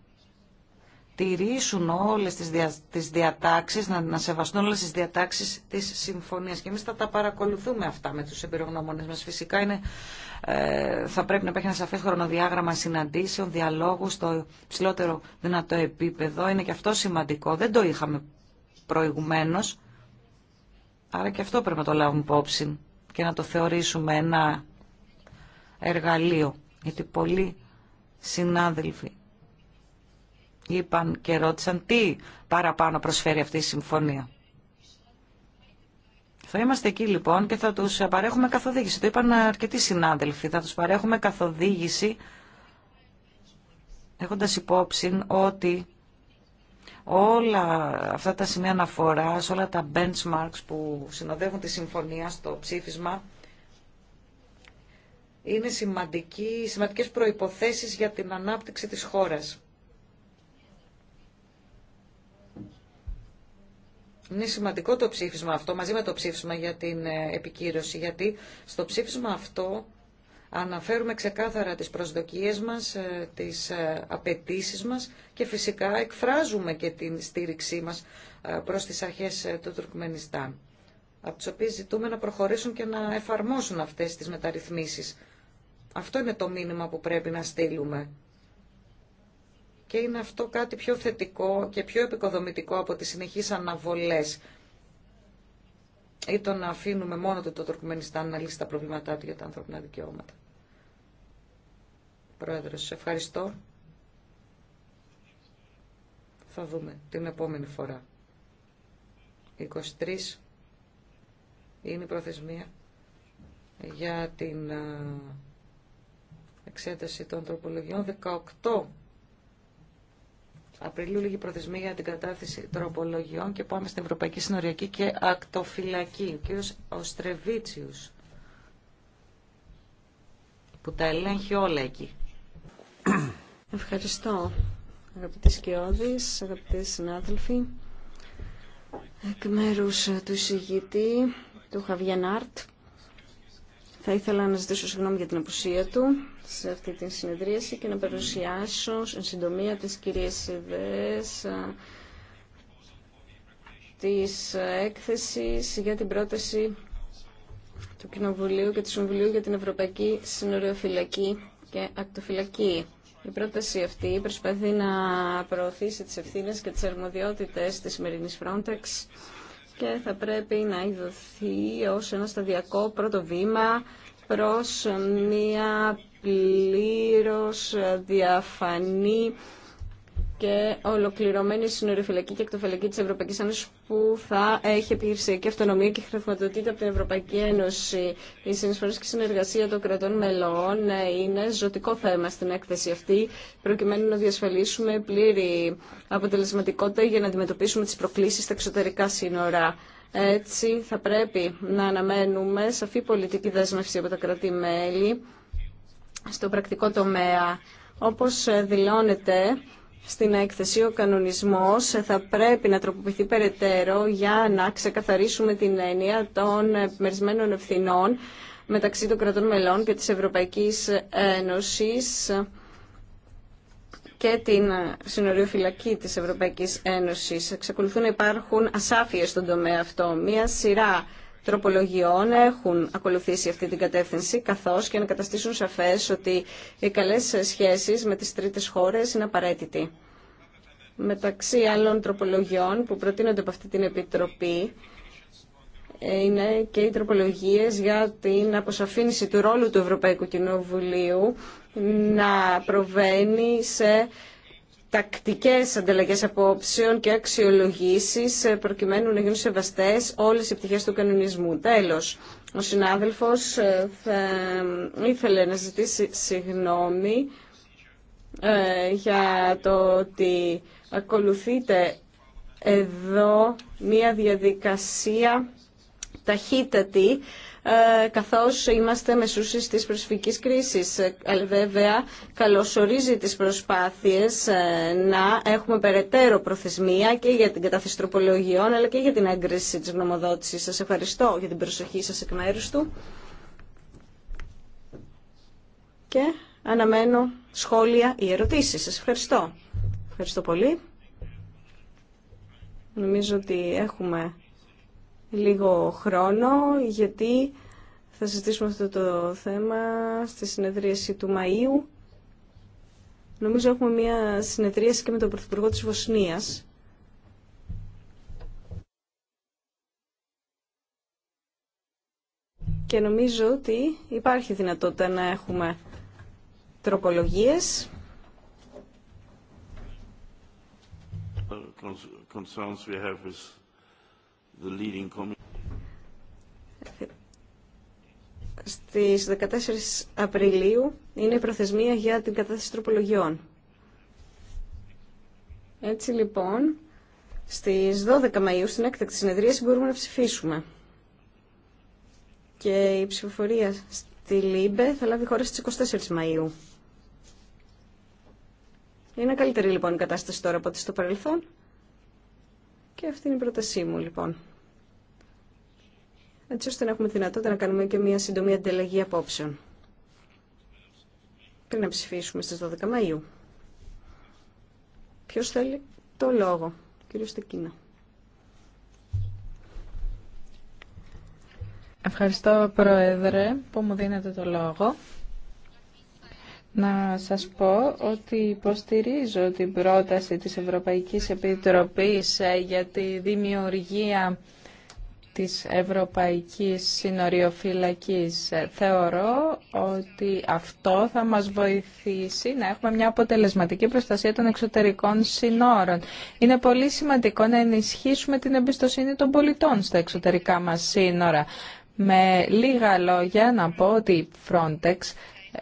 τηρήσουν όλες τις, τις διατάξεις, να, να σεβαστούν όλες τις διατάξεις της συμφωνίας. Και εμείς θα τα παρακολουθούμε αυτά με τους εμπειρογνώμονες μας. Φυσικά είναι, ε, θα πρέπει να υπάρχει ένα σαφές χρονοδιάγραμμα συναντήσεων, διαλόγου στο ψηλότερο δυνατό επίπεδο. Είναι και αυτό σημαντικό. Δεν το είχαμε προηγουμένως. Άρα και αυτό πρέπει να το λάβουμε υπόψη και να το θεωρήσουμε ένα εργαλείο. Γιατί πολλοί συνάδελφοι είπαν και ρώτησαν τι παραπάνω προσφέρει αυτή η συμφωνία. Θα είμαστε εκεί λοιπόν και θα τους παρέχουμε καθοδήγηση. Το είπαν αρκετοί συνάδελφοι. Θα τους παρέχουμε καθοδήγηση έχοντας υπόψη ότι όλα αυτά τα σημεία αναφοράς, όλα τα benchmarks που συνοδεύουν τη συμφωνία στο ψήφισμα είναι σημαντική, σημαντικές προϋποθέσεις για την ανάπτυξη της χώρας. Είναι σημαντικό το ψήφισμα αυτό, μαζί με το ψήφισμα για την ε, επικύρωση, γιατί στο ψήφισμα αυτό αναφέρουμε ξεκάθαρα τις προσδοκίες μας, ε, τις ε, απαιτήσει μας και φυσικά εκφράζουμε και την στήριξή μας προς τις αρχές του Τουρκμενιστάν, από τις οποίες ζητούμε να προχωρήσουν και να εφαρμόσουν αυτές τις μεταρρυθμίσεις. Αυτό είναι το μήνυμα που πρέπει να στείλουμε και είναι αυτό κάτι πιο θετικό και πιο επικοδομητικό από τις συνεχείς αναβολές ή το να αφήνουμε μόνο το, το Τουρκμενιστάν να λύσει τα προβλήματά του για τα ανθρώπινα δικαιώματα. Πρόεδρος, ευχαριστώ. Θα δούμε την επόμενη φορά. 23 είναι η προθεσμία για την ε, εξέταση των τροπολογιών. 18 Απριλίου λίγη προθεσμία για την κατάρτιση τροπολογιών και πάμε στην Ευρωπαϊκή Συνοριακή και Ακτοφυλακή. Ο κύριος Οστρεβίτσιους που τα ελέγχει όλα εκεί. Ευχαριστώ αγαπητοί σκιώδεις, αγαπητοί συνάδελφοι. Εκ μέρους του εισηγητή του Χαβιενάρτ θα ήθελα να ζητήσω συγγνώμη για την απουσία του σε αυτή την συνεδρίαση και να παρουσιάσω εν συντομία τις κυρίες ιδέες της έκθεσης για την πρόταση του Κοινοβουλίου και του Συμβουλίου για την Ευρωπαϊκή Συνοριοφυλακή και Ακτοφυλακή. Η πρόταση αυτή προσπαθεί να προωθήσει τις ευθύνες και τις αρμοδιότητες της σημερινής Frontex και θα πρέπει να ειδωθεί ως ένα σταδιακό πρώτο βήμα προς μια πλήρως διαφανή και ολοκληρωμένη συνοριοφυλακή και εκτοφυλακή τη Ευρωπαϊκή Ένωση που θα έχει επιχειρησιακή αυτονομία και χρηματοδοτείται από την Ευρωπαϊκή Ένωση. Η συνεισφορά και συνεργασία των κρατών μελών ε, είναι ζωτικό θέμα στην έκθεση αυτή προκειμένου να διασφαλίσουμε πλήρη αποτελεσματικότητα για να αντιμετωπίσουμε τι προκλήσει στα εξωτερικά σύνορα. Έτσι θα πρέπει να αναμένουμε σαφή πολιτική δέσμευση από τα κράτη-μέλη στο πρακτικό τομέα. Όπως ε, δηλώνεται, στην έκθεση ο κανονισμός θα πρέπει να τροποποιηθεί περαιτέρω για να ξεκαθαρίσουμε την έννοια των μερισμένων ευθυνών μεταξύ των κρατών μελών και της Ευρωπαϊκής Ένωσης και την συνοριοφυλακή της Ευρωπαϊκής Ένωσης. Εξακολουθούν να υπάρχουν ασάφειες στον τομέα αυτό. Μία σειρά τροπολογιών έχουν ακολουθήσει αυτή την κατεύθυνση, καθώς και να καταστήσουν σαφές ότι οι καλές σχέσεις με τις τρίτες χώρες είναι απαραίτητοι. Μεταξύ άλλων τροπολογιών που προτείνονται από αυτή την Επιτροπή, ε, είναι και οι τροπολογίες για την αποσαφήνιση του ρόλου του Ευρωπαϊκού Κοινοβουλίου να προβαίνει σε τακτικές ανταλλαγές απόψεων και αξιολογήσεις ε, προκειμένου να γίνουν σεβαστές όλες οι πτυχές του κανονισμού. Τέλος, ο συνάδελφος ε, ε, ήθελε να ζητήσει συγγνώμη για το ότι ακολουθείτε εδώ μία διαδικασία ταχύτατη ε, καθώς είμαστε μεσούσεις της προσφυγικής κρίσης. Ε, ε, βέβαια, καλωσορίζει τις προσπάθειες να έχουμε περαιτέρω προθεσμία και για την κατάθεση αλλά και για την έγκριση της γνωμοδότησης. Σας ευχαριστώ για την προσοχή σας εκ μέρους του. Και αναμένω σχόλια ή ερωτήσεις. Σας ευχαριστώ. Ευχαριστώ πολύ. Νομίζω ότι έχουμε λίγο χρόνο γιατί θα συζητήσουμε αυτό το θέμα στη συνεδρίαση του Μαΐου. Νομίζω έχουμε μια συνεδρίαση και με τον Πρωθυπουργό της Βοσνίας. Και νομίζω ότι υπάρχει δυνατότητα να έχουμε τροπολογίες. Concerns στις 14 Απριλίου είναι η προθεσμία για την κατάθεση τροπολογιών. Έτσι λοιπόν, στις 12 Μαΐου στην έκτακτη συνεδρίαση μπορούμε να ψηφίσουμε. Και η ψηφοφορία στη ΛΥΜΠΕ θα λάβει χώρα στις 24 Μαΐου. Είναι καλύτερη λοιπόν η κατάσταση τώρα από ό,τι στο παρελθόν. Και αυτή είναι η πρότασή μου λοιπόν έτσι ώστε να έχουμε δυνατότητα να κάνουμε και μια σύντομη ανταλλαγή απόψεων πριν να ψηφίσουμε στις 12 Μαΐου. Ποιος θέλει το λόγο, κύριο Στεκίνα. Ευχαριστώ Πρόεδρε που μου δίνετε το λόγο. Να σας πω ότι υποστηρίζω την πρόταση της Ευρωπαϊκής Επιτροπής ε, για τη δημιουργία της Ευρωπαϊκής Συνοριοφυλακής. Θεωρώ ότι αυτό θα μας βοηθήσει να έχουμε μια αποτελεσματική προστασία των εξωτερικών συνόρων. Είναι πολύ σημαντικό να ενισχύσουμε την εμπιστοσύνη των πολιτών στα εξωτερικά μας σύνορα. Με λίγα λόγια να πω ότι η Frontex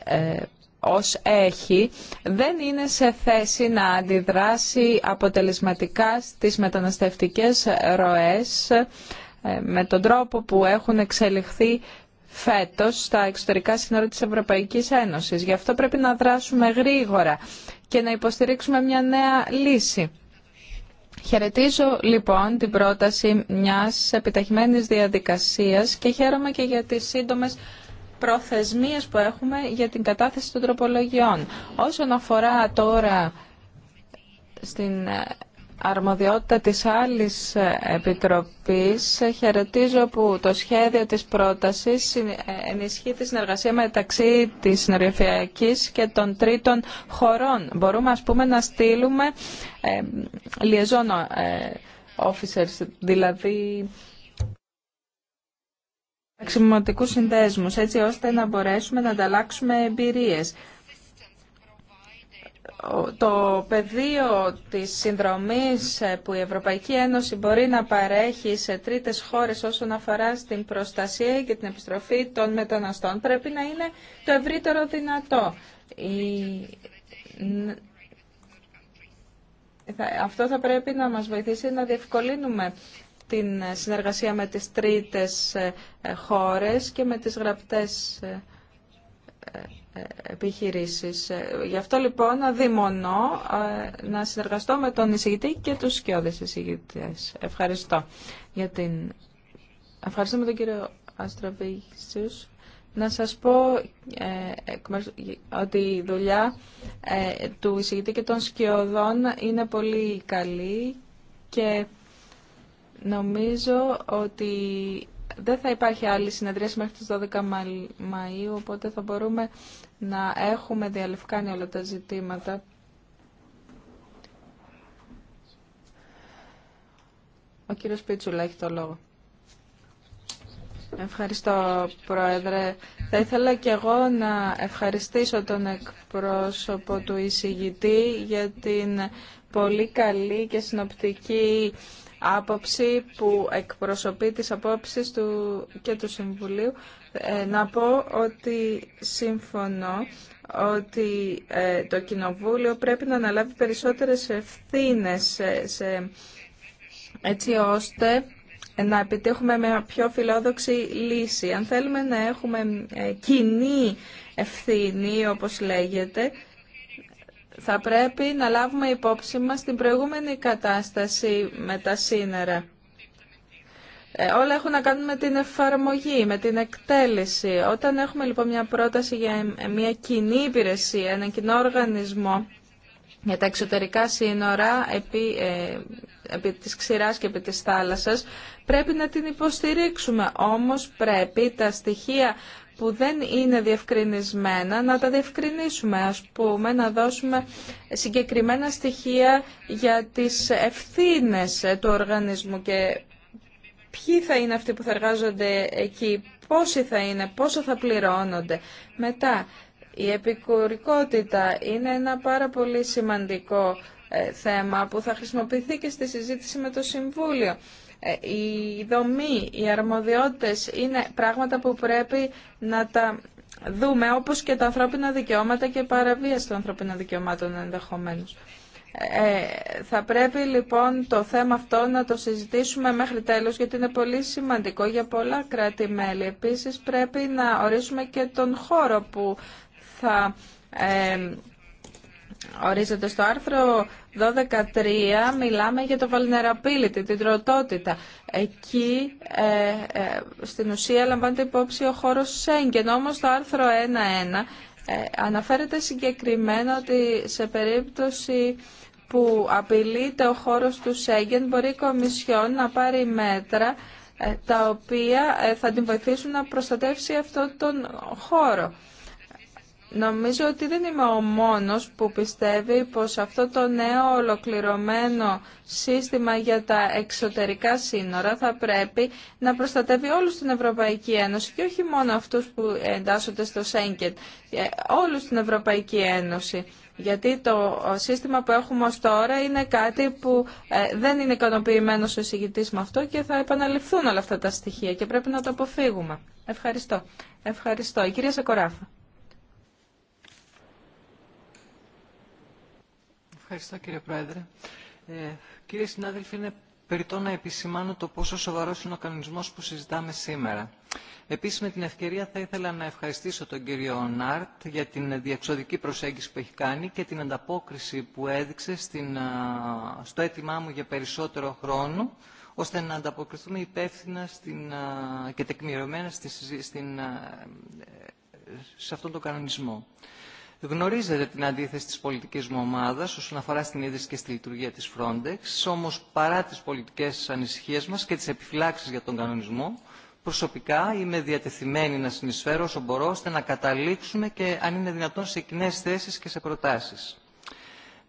ε, ως έχει δεν είναι σε θέση να αντιδράσει αποτελεσματικά στις μεταναστευτικές ροές ε, με τον τρόπο που έχουν εξελιχθεί φέτος στα εξωτερικά σύνορα της Ευρωπαϊκής Ένωσης. Γι' αυτό πρέπει να δράσουμε γρήγορα και να υποστηρίξουμε μια νέα λύση. Χαιρετίζω λοιπόν την πρόταση μιας επιταχυμένης διαδικασίας και χαίρομαι και για τις σύντομες προθεσμίες που έχουμε για την κατάθεση των τροπολογιών. Όσον αφορά τώρα στην ε, αρμοδιότητα της άλλης επιτροπής χαιρετίζω που το σχέδιο της πρότασης ε, ενισχύει τη συνεργασία μεταξύ της συνεργειακής και των τρίτων χωρών. Μπορούμε ας πούμε να στείλουμε ε, liaison ε, officers, δηλαδή αξιωματικούς συνδέσμους, έτσι ώστε να μπορέσουμε να ανταλλάξουμε εμπειρίες το πεδίο της συνδρομής ε, που η Ευρωπαϊκή Ένωση μπορεί να παρέχει σε τρίτες χώρες όσον αφορά στην προστασία και την επιστροφή των μεταναστών πρέπει να είναι το ευρύτερο δυνατό. Αυτό θα πρέπει να μας βοηθήσει να διευκολύνουμε την συνεργασία με τις τρίτες ε, χώρες και με τις γραπτές ε, επιχειρήσεις. Ε, γι' αυτό λοιπόν αδειμονώ ε, να συνεργαστώ με τον εισηγητή και τους σκιώδες εισηγητές. Ευχαριστώ για την... Ευχαριστούμε τον κύριο Αστραβίσιους. Να σας πω ε, ότι η δουλειά του εισηγητή και των σκιωδών είναι πολύ καλή και νομίζω ότι δεν θα υπάρχει άλλη συνεδρίαση μέχρι τις 12 Μαΐου, οπότε θα μπορούμε να έχουμε διαλευκάνει όλα τα ζητήματα. Ο κύριος Πίτσουλα έχει το λόγο. Ευχαριστώ, Πρόεδρε. Θα ήθελα και εγώ να ευχαριστήσω τον εκπρόσωπο του εισηγητή για την πολύ καλή και συνοπτική άποψη που εκπροσωπεί τις απόψεις του και του Συμβουλίου. Ε, να πω ότι συμφωνώ ότι ε, το Κοινοβούλιο πρέπει να αναλάβει περισσότερες ευθύνες σε, έτσι ώστε να επιτύχουμε μια πιο φιλόδοξη λύση. Αν θέλουμε να έχουμε ε, κοινή ευθύνη, όπως λέγεται, θα πρέπει να λάβουμε υπόψη μας την προηγούμενη κατάσταση με τα σύνορα. Ε, όλα έχουν να κάνουν με την εφαρμογή, με την εκτέλεση. Όταν έχουμε λοιπόν μια πρόταση για μια κοινή υπηρεσία, έναν κοινό οργανισμό για τα εξωτερικά σύνορα επί, ε, επί της ξηράς και επί της θάλασσας, πρέπει να την υποστηρίξουμε. Όμως πρέπει τα στοιχεία που δεν είναι διευκρινισμένα να τα διευκρινίσουμε, ας πούμε, να δώσουμε συγκεκριμένα στοιχεία για τις ευθύνες του οργανισμού και ποιοι θα είναι αυτοί που θα εργάζονται εκεί, πόσοι θα είναι, πόσο θα πληρώνονται. Μετά, η επικουρικότητα είναι ένα πάρα πολύ σημαντικό ε, θέμα που θα χρησιμοποιηθεί και στη συζήτηση με το Συμβούλιο. Ε, η δομή, οι αρμοδιότητες είναι πράγματα που πρέπει να τα δούμε όπως και τα ανθρώπινα δικαιώματα και παραβίαση των ανθρώπινων δικαιωμάτων ενδεχομένως. Ε, θα πρέπει λοιπόν το θέμα αυτό να το συζητήσουμε μέχρι τέλος γιατί είναι πολύ σημαντικό για πολλά κράτη-μέλη. Επίσης πρέπει να ορίσουμε και τον χώρο που θα ορίζεται στο άρθρο 12.3 μιλάμε για το vulnerability, την τροτότητα. Εκεί ε, ε, στην ουσία λαμβάνεται υπόψη ο χώρος Σέγγεν, όμως το άρθρο 1.1 ε, αναφέρεται συγκεκριμένα ότι σε περίπτωση που απειλείται ο χώρος του Σέγγεν μπορεί η Κομισιόν να πάρει μέτρα τα οποία θα την βοηθήσουν να προστατεύσει αυτόν τον χώρο. Νομίζω ότι δεν είμαι ο μόνος που πιστεύει πως αυτό το νέο ολοκληρωμένο σύστημα για τα εξωτερικά σύνορα θα πρέπει να προστατεύει όλους την Ευρωπαϊκή Ένωση και όχι μόνο αυτούς που εντάσσονται στο ΣΕΝΚΕΤ, όλους την Ευρωπαϊκή Ένωση. Γιατί το σύστημα που έχουμε ως τώρα είναι κάτι που ε, δεν είναι ικανοποιημένο ο εισηγητής με αυτό και θα επαναληφθούν όλα αυτά τα στοιχεία και πρέπει να το αποφύγουμε. Ευχαριστώ. Ευχαριστώ. Η κυρία Σακοράφα. Ευχαριστώ κύριε Πρόεδρε. Ε, κύριε συνάδελφοι, είναι περιττό να επισημάνω το πόσο σοβαρό είναι ο κανονισμό που συζητάμε σήμερα. Επίση, με την ευκαιρία θα ήθελα να ευχαριστήσω τον κύριο Νάρτ για την διεξοδική προσέγγιση που έχει κάνει και την ανταπόκριση που έδειξε στο αίτημά μου για περισσότερο χρόνο, ώστε να ανταποκριθούμε υπεύθυνα και τεκμηριωμένα ε, σε αυτόν τον κανονισμό. Γνωρίζετε την αντίθεση της πολιτικής μου ομάδας όσον αφορά στην ίδρυση και στη λειτουργία της Frontex, όμως παρά τις πολιτικές ανησυχίες μας και τις επιφυλάξεις για τον κανονισμό, προσωπικά είμαι διατεθειμένη να συνεισφέρω όσο μπορώ ώστε να καταλήξουμε και αν είναι δυνατόν σε κοινέ θέσεις και σε προτάσεις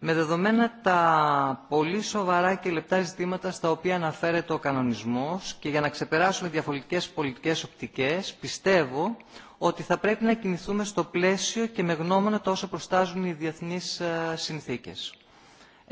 με δεδομένα τα πολύ σοβαρά και λεπτά ζητήματα στα οποία αναφέρεται ο κανονισμός και για να ξεπεράσουμε διαφορετικές πολιτικές οπτικές, πιστεύω ότι θα πρέπει να κινηθούμε στο πλαίσιο και με γνώμονα τα όσα προστάζουν οι διεθνείς ε, συνθήκες.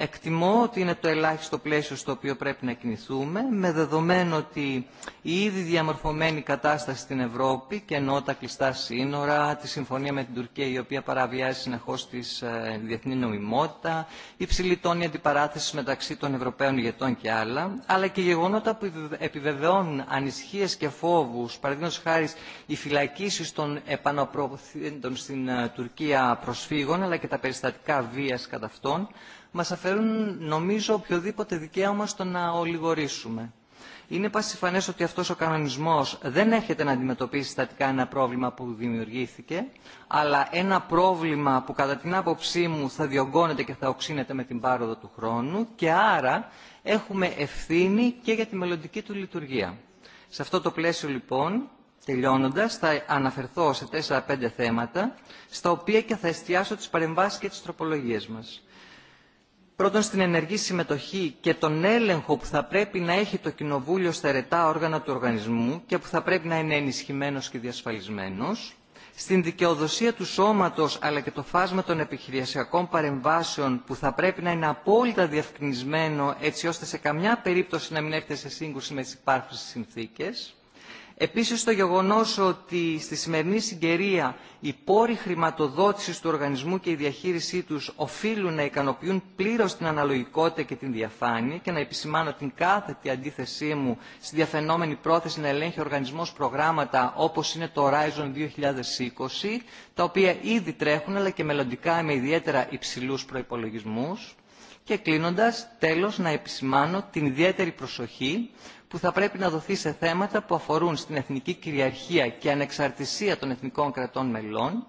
Εκτιμώ ότι είναι το ελάχιστο πλαίσιο στο οποίο πρέπει να κινηθούμε, με δεδομένο ότι η ήδη διαμορφωμένη κατάσταση στην Ευρώπη, και ενώ τα κλειστά σύνορα, τη συμφωνία με την Τουρκία η οποία παραβιάζει συνεχώ τη ε, διεθνή νομιμότητα, υψηλή τόνη αντιπαράθεση μεταξύ των Ευρωπαίων ηγετών και άλλα, αλλά και γεγονότα που επιβεβαιώνουν ανησυχίε και φόβου, παραδείγματο χάρη οι φυλακίσει των επαναπροωθέντων στην ε, Τουρκία προσφύγων, αλλά και τα περιστατικά βία κατά αυτών, μας αφαιρούν νομίζω οποιοδήποτε δικαίωμα στο να ολιγορήσουμε. Είναι πασιφανές ότι αυτός ο κανονισμός δεν έρχεται να αντιμετωπίσει στατικά ένα πρόβλημα που δημιουργήθηκε, αλλά ένα πρόβλημα που κατά την άποψή μου θα διωγγώνεται και θα οξύνεται με την πάροδο του χρόνου και άρα έχουμε ευθύνη και για τη μελλοντική του λειτουργία. Σε αυτό το πλαίσιο λοιπόν, τελειώνοντας, θα αναφερθώ σε τέσσερα-πέντε θέματα, στα οποία και θα εστιάσω τις παρεμβάσεις και τις τροπολογίες μας πρώτον στην ενεργή συμμετοχή και τον έλεγχο που θα πρέπει να έχει το Κοινοβούλιο στα ερετά όργανα του οργανισμού και που θα πρέπει να είναι ενισχυμένος και διασφαλισμένος, στην δικαιοδοσία του σώματος αλλά και το φάσμα των επιχειρησιακών παρεμβάσεων που θα πρέπει να είναι απόλυτα διευκρινισμένο έτσι ώστε σε καμιά περίπτωση να μην έρθει σε σύγκρουση με τις υπάρχουσες συνθήκες, Επίσης το γεγονός ότι στη σημερινή συγκαιρία οι πόροι χρηματοδότησης του οργανισμού και η διαχείρισή τους οφείλουν να ικανοποιούν πλήρως την αναλογικότητα και την διαφάνεια και να επισημάνω την κάθετη αντίθεσή μου στη διαφαινόμενη πρόθεση να ελέγχει ο οργανισμός προγράμματα όπως είναι το Horizon 2020, τα οποία ήδη τρέχουν αλλά και μελλοντικά με ιδιαίτερα υψηλούς προϋπολογισμούς. Και κλείνοντας, τέλος, να επισημάνω την ιδιαίτερη προσοχή που θα πρέπει να δοθεί σε θέματα που αφορούν στην εθνική κυριαρχία και ανεξαρτησία των εθνικών κρατών μελών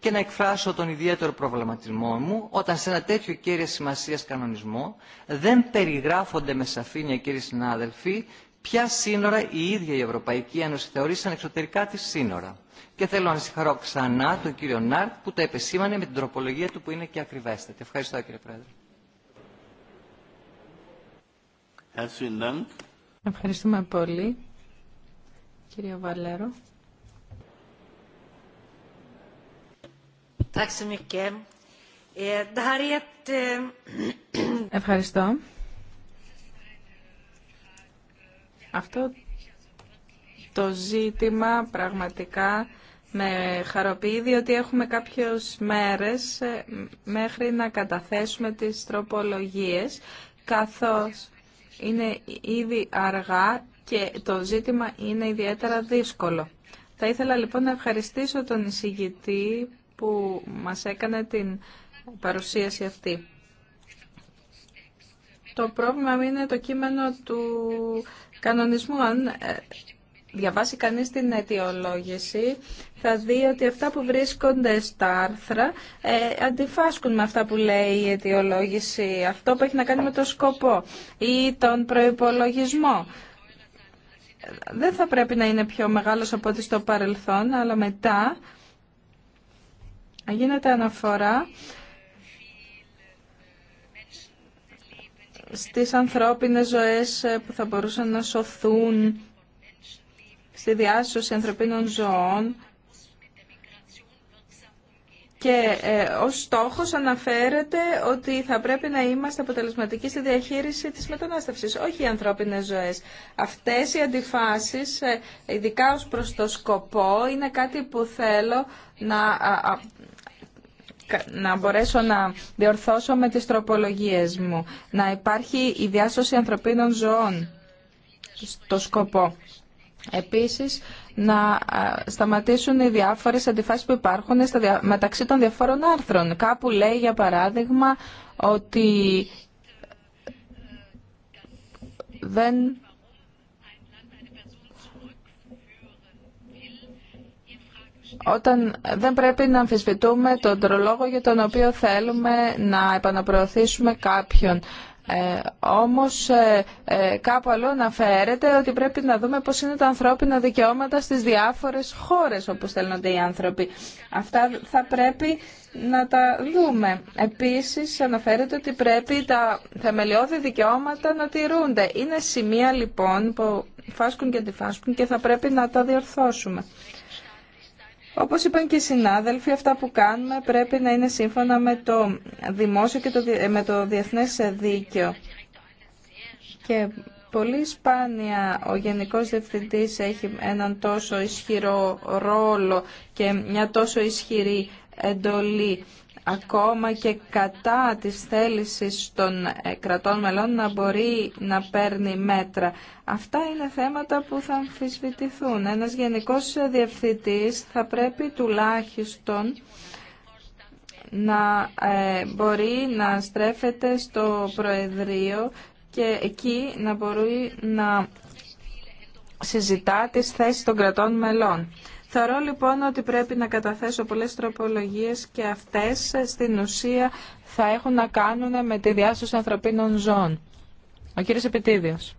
και να εκφράσω τον ιδιαίτερο προβληματισμό μου όταν σε ένα τέτοιο κέρια σημασία κανονισμό δεν περιγράφονται με σαφήνεια, κύριοι συνάδελφοι, ποια σύνορα η ίδια η Ευρωπαϊκή Ένωση θεωρεί σαν εξωτερικά τη σύνορα. Και θέλω να συγχαρώ ξανά τον κύριο Νάρτ που τα επεσήμανε με την τροπολογία του που είναι και ακριβέστατη. Ευχαριστώ κύριε Πρόεδρε. Ευχαριστούμε πολύ, κύριε Βαλέρο. Eh, eh, Ευχαριστώ. Αυτό το ζήτημα πραγματικά με χαροποιεί, διότι έχουμε κάποιες μέρες ε, μέχρι να καταθέσουμε τις τροπολογίες, καθώς είναι ήδη αργά και το ζήτημα είναι ιδιαίτερα δύσκολο. Θα ήθελα λοιπόν να ευχαριστήσω τον εισηγητή που μας έκανε την παρουσίαση αυτή. Το πρόβλημα είναι το κείμενο του κανονισμού. Αν ε, διαβάσει κανείς την αιτιολόγηση θα δει ότι αυτά που βρίσκονται στα άρθρα ε, αντιφάσκουν με αυτά που λέει η αιτιολόγηση. Αυτό που έχει να κάνει με το σκοπό ή τον προϋπολογισμό. Δεν θα πρέπει να είναι πιο μεγάλος από ό,τι στο παρελθόν, αλλά μετά γίνεται αναφορά στις ανθρώπινες ζωές που θα μπορούσαν να σωθούν στη διάσωση ανθρωπίνων ζωών και ε, ως στόχος αναφέρεται ότι θα πρέπει να είμαστε αποτελεσματικοί στη διαχείριση της μετανάστευσης, όχι οι ανθρώπινες ζωές. Αυτές οι αντιφάσεις, ε, ειδικά ως προς το σκοπό, είναι κάτι που θέλω να, να μπορέσω να διορθώσω με τις τροπολογίες μου. Να υπάρχει η διάσωση ανθρωπίνων ζωών στο σκοπό. Επίσης, να ε, σταματήσουν οι διάφορες αντιφάσεις που υπάρχουν μεταξύ των διαφόρων άρθρων. Κάπου λέει, για παράδειγμα, ότι δεν όταν δεν πρέπει να αμφισβητούμε τον τρολόγο για τον οποίο θέλουμε να επαναπροωθήσουμε κάποιον. Ε, όμως ε, ε, κάπου αλλού αναφέρεται ότι πρέπει να δούμε πώς είναι τα ανθρώπινα δικαιώματα στις διάφορες χώρες όπου στέλνονται οι άνθρωποι. Αυτά θα πρέπει να τα δούμε. Επίσης αναφέρεται ότι πρέπει τα θεμελιώδη δικαιώματα να τηρούνται. Είναι σημεία λοιπόν που φάσκουν και αντιφάσκουν και θα πρέπει να τα διορθώσουμε. Όπως είπαν και οι συνάδελφοι, αυτά που κάνουμε πρέπει να είναι σύμφωνα με το δημόσιο και ε, με το διεθνές δίκαιο. Και πολύ σπάνια ο Γενικός Διευθυντής έχει έναν τόσο ισχυρό ρόλο και μια τόσο ισχυρή εντολή ακόμα και κατά της θέλησης των ε, κρατών μελών να μπορεί να παίρνει μέτρα. Αυτά είναι θέματα που θα αμφισβητηθούν. Ένας γενικός διευθυντής θα πρέπει τουλάχιστον να ε, μπορεί να στρέφεται στο Προεδρείο και εκεί να μπορεί να συζητά τις θέσεις των κρατών μελών. Θεωρώ λοιπόν ότι πρέπει να καταθέσω πολλές τροπολογίες και αυτές ε, στην ουσία θα έχουν να κάνουν με τη διάσωση ανθρωπίνων ζώων. Ο κύριος Επιτίδιος.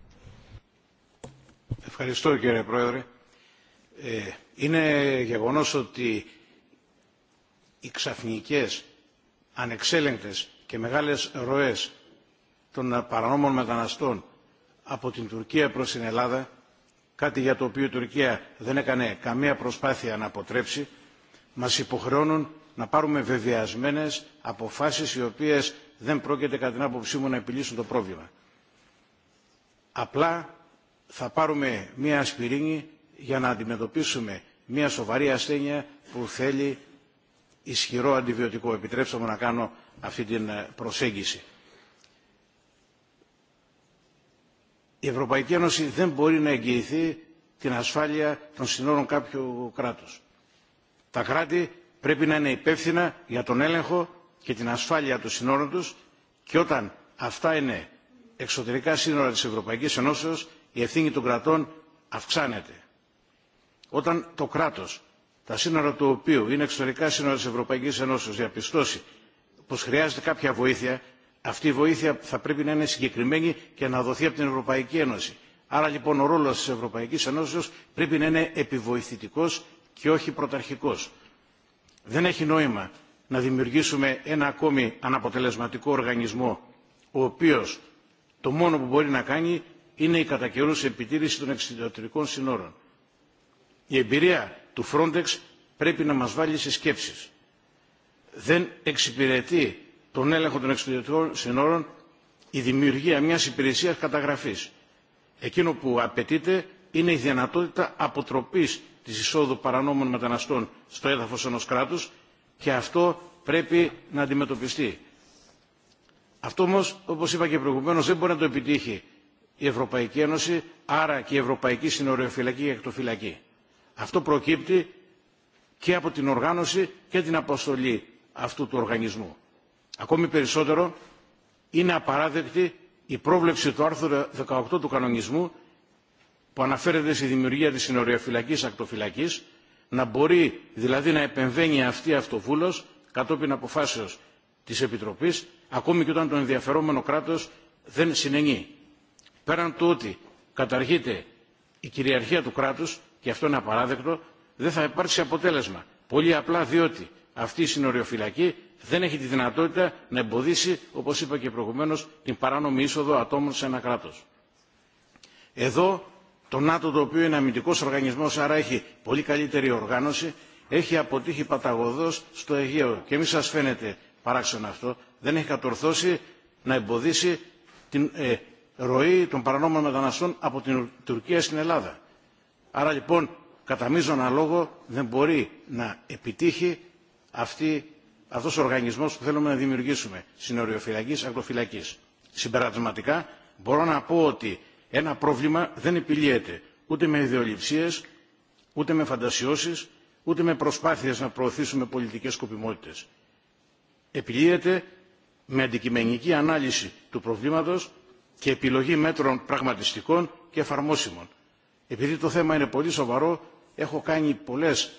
Ευχαριστώ κύριε Πρόεδρε. Ε, είναι γεγονός ότι οι ξαφνικές, ανεξέλεγκτες και μεγάλες ροές των παρανόμων μεταναστών από την Τουρκία προς την Ελλάδα κάτι για το οποίο η Τουρκία δεν έκανε καμία προσπάθεια να αποτρέψει, μας υποχρεώνουν να πάρουμε βεβαιασμένες αποφάσεις οι οποίες δεν πρόκειται κατά την άποψή μου να επιλύσουν το πρόβλημα. Απλά θα πάρουμε μία ασπιρίνη για να αντιμετωπίσουμε μία σοβαρή ασθένεια που θέλει ισχυρό αντιβιωτικό. Επιτρέψτε μου να κάνω αυτή την προσέγγιση. η Ευρωπαϊκή Ένωση δεν μπορεί να εγγυηθεί την ασφάλεια των συνόρων κάποιου κράτους. Τα κράτη πρέπει να είναι υπεύθυνα για τον έλεγχο και την ασφάλεια των συνόρων τους και όταν αυτά είναι εξωτερικά σύνορα της Ευρωπαϊκής Ενώσεω, η ευθύνη των κρατών αυξάνεται. Όταν το κράτος, τα σύνορα του οποίου είναι εξωτερικά σύνορα της Ευρωπαϊκής Ενώσεως, διαπιστώσει πως χρειάζεται κάποια βοήθεια αυτή η βοήθεια θα πρέπει να είναι συγκεκριμένη και να δοθεί από την Ευρωπαϊκή Ένωση. Άρα λοιπόν ο ρόλος της Ευρωπαϊκής Ένωσης πρέπει να είναι επιβοηθητικός και όχι πρωταρχικός. Δεν έχει νόημα να δημιουργήσουμε ένα ακόμη αναποτελεσματικό οργανισμό ο οποίος το μόνο που μπορεί να κάνει είναι η κατά επιτήρηση των εξωτερικών συνόρων. Η εμπειρία του Frontex πρέπει να μας βάλει σε σκέψεις. Δεν εξυπηρετεί τον έλεγχο των εξωτερικών συνόρων η δημιουργία μιας υπηρεσίας καταγραφής. Εκείνο που απαιτείται είναι η δυνατότητα αποτροπής της εισόδου παρανόμων μεταναστών στο έδαφος ενός κράτους και αυτό πρέπει να αντιμετωπιστεί. Αυτό όμως, όπως είπα και προηγουμένως, δεν μπορεί να το επιτύχει η Ευρωπαϊκή Ένωση, άρα και η Ευρωπαϊκή Συνοριοφυλακή και Εκτοφυλακή. Αυτό προκύπτει και από την οργάνωση και την αποστολή αυτού του οργανισμού. Ακόμη περισσότερο είναι απαράδεκτη η πρόβλεψη του άρθρου 18 του κανονισμού που αναφέρεται στη δημιουργία της συνοριοφυλακής ακτοφυλακής να μπορεί δηλαδή να επεμβαίνει αυτή αυτοβούλος κατόπιν αποφάσεως της Επιτροπής ακόμη και όταν το ενδιαφερόμενο κράτος δεν συνενεί. Πέραν του ότι καταργείται η κυριαρχία του κράτους και αυτό είναι απαράδεκτο δεν θα υπάρξει αποτέλεσμα. Πολύ απλά διότι αυτή η συνοριοφυλακή δεν έχει τη δυνατότητα να εμποδίσει, όπως είπα και προηγουμένως, την παράνομη είσοδο ατόμων σε ένα κράτος. Εδώ το ΝΑΤΟ το οποίο είναι αμυντικός οργανισμός, άρα έχει πολύ καλύτερη οργάνωση, έχει αποτύχει παταγωδός στο Αιγαίο. Και μη σας φαίνεται παράξενο αυτό, δεν έχει κατορθώσει να εμποδίσει την ε, ροή των παρανόμων μεταναστών από την Τουρκία στην Ελλάδα. Άρα λοιπόν κατά μείζωνα λόγο δεν μπορεί να επιτύχει αυτό αυτός ο οργανισμός που θέλουμε να δημιουργήσουμε, συνοριοφυλακής, αγροφυλακής. Συμπερασματικά μπορώ να πω ότι ένα πρόβλημα δεν επιλύεται ούτε με ιδεολειψίες, ούτε με φαντασιώσεις, ούτε με προσπάθειες να προωθήσουμε πολιτικές σκοπιμότητες. Επιλύεται με αντικειμενική ανάλυση του προβλήματος και επιλογή μέτρων πραγματιστικών και εφαρμόσιμων. Επειδή το θέμα είναι πολύ σοβαρό, έχω κάνει πολλές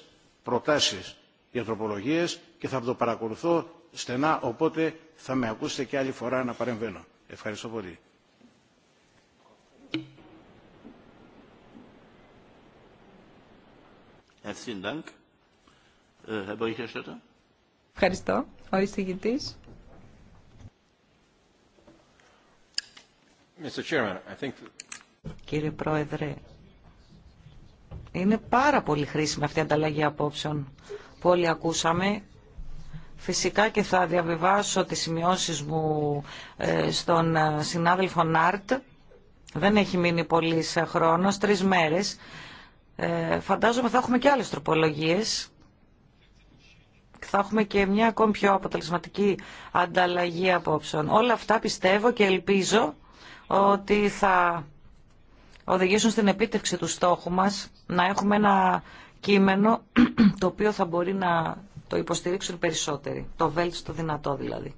προτάσεις οι ανθρωπολογίες και θα το παρακολουθώ στενά, οπότε θα με ακούσετε και άλλη φορά να παρεμβαίνω. Ευχαριστώ πολύ. Äh, Ευχαριστώ. Ο εισηγητή. Κύριε Πρόεδρε, είναι πάρα πολύ χρήσιμη αυτή η ανταλλαγή απόψεων που όλοι ακούσαμε. Φυσικά και θα διαβιβάσω τις σημειώσεις μου ε, στον ε, συνάδελφο Νάρτ. Δεν έχει μείνει πολύ χρόνος, τρεις μέρες. Ε, φαντάζομαι θα έχουμε και άλλες τροπολογίες. Θα έχουμε και μια ακόμη πιο αποτελεσματική ανταλλαγή απόψεων. Όλα αυτά πιστεύω και ελπίζω ότι θα οδηγήσουν στην επίτευξη του στόχου μας να έχουμε ένα κείμενο το οποίο θα μπορεί να το υποστηρίξουν περισσότεροι. Το βέλτιστο δυνατό δηλαδή.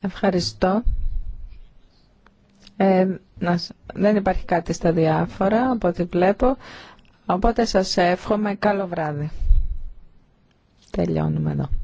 Ευχαριστώ. Ε, δεν υπάρχει κάτι στα διάφορα από ό,τι βλέπω. Οπότε σας εύχομαι καλό βράδυ. Τελειώνουμε εδώ.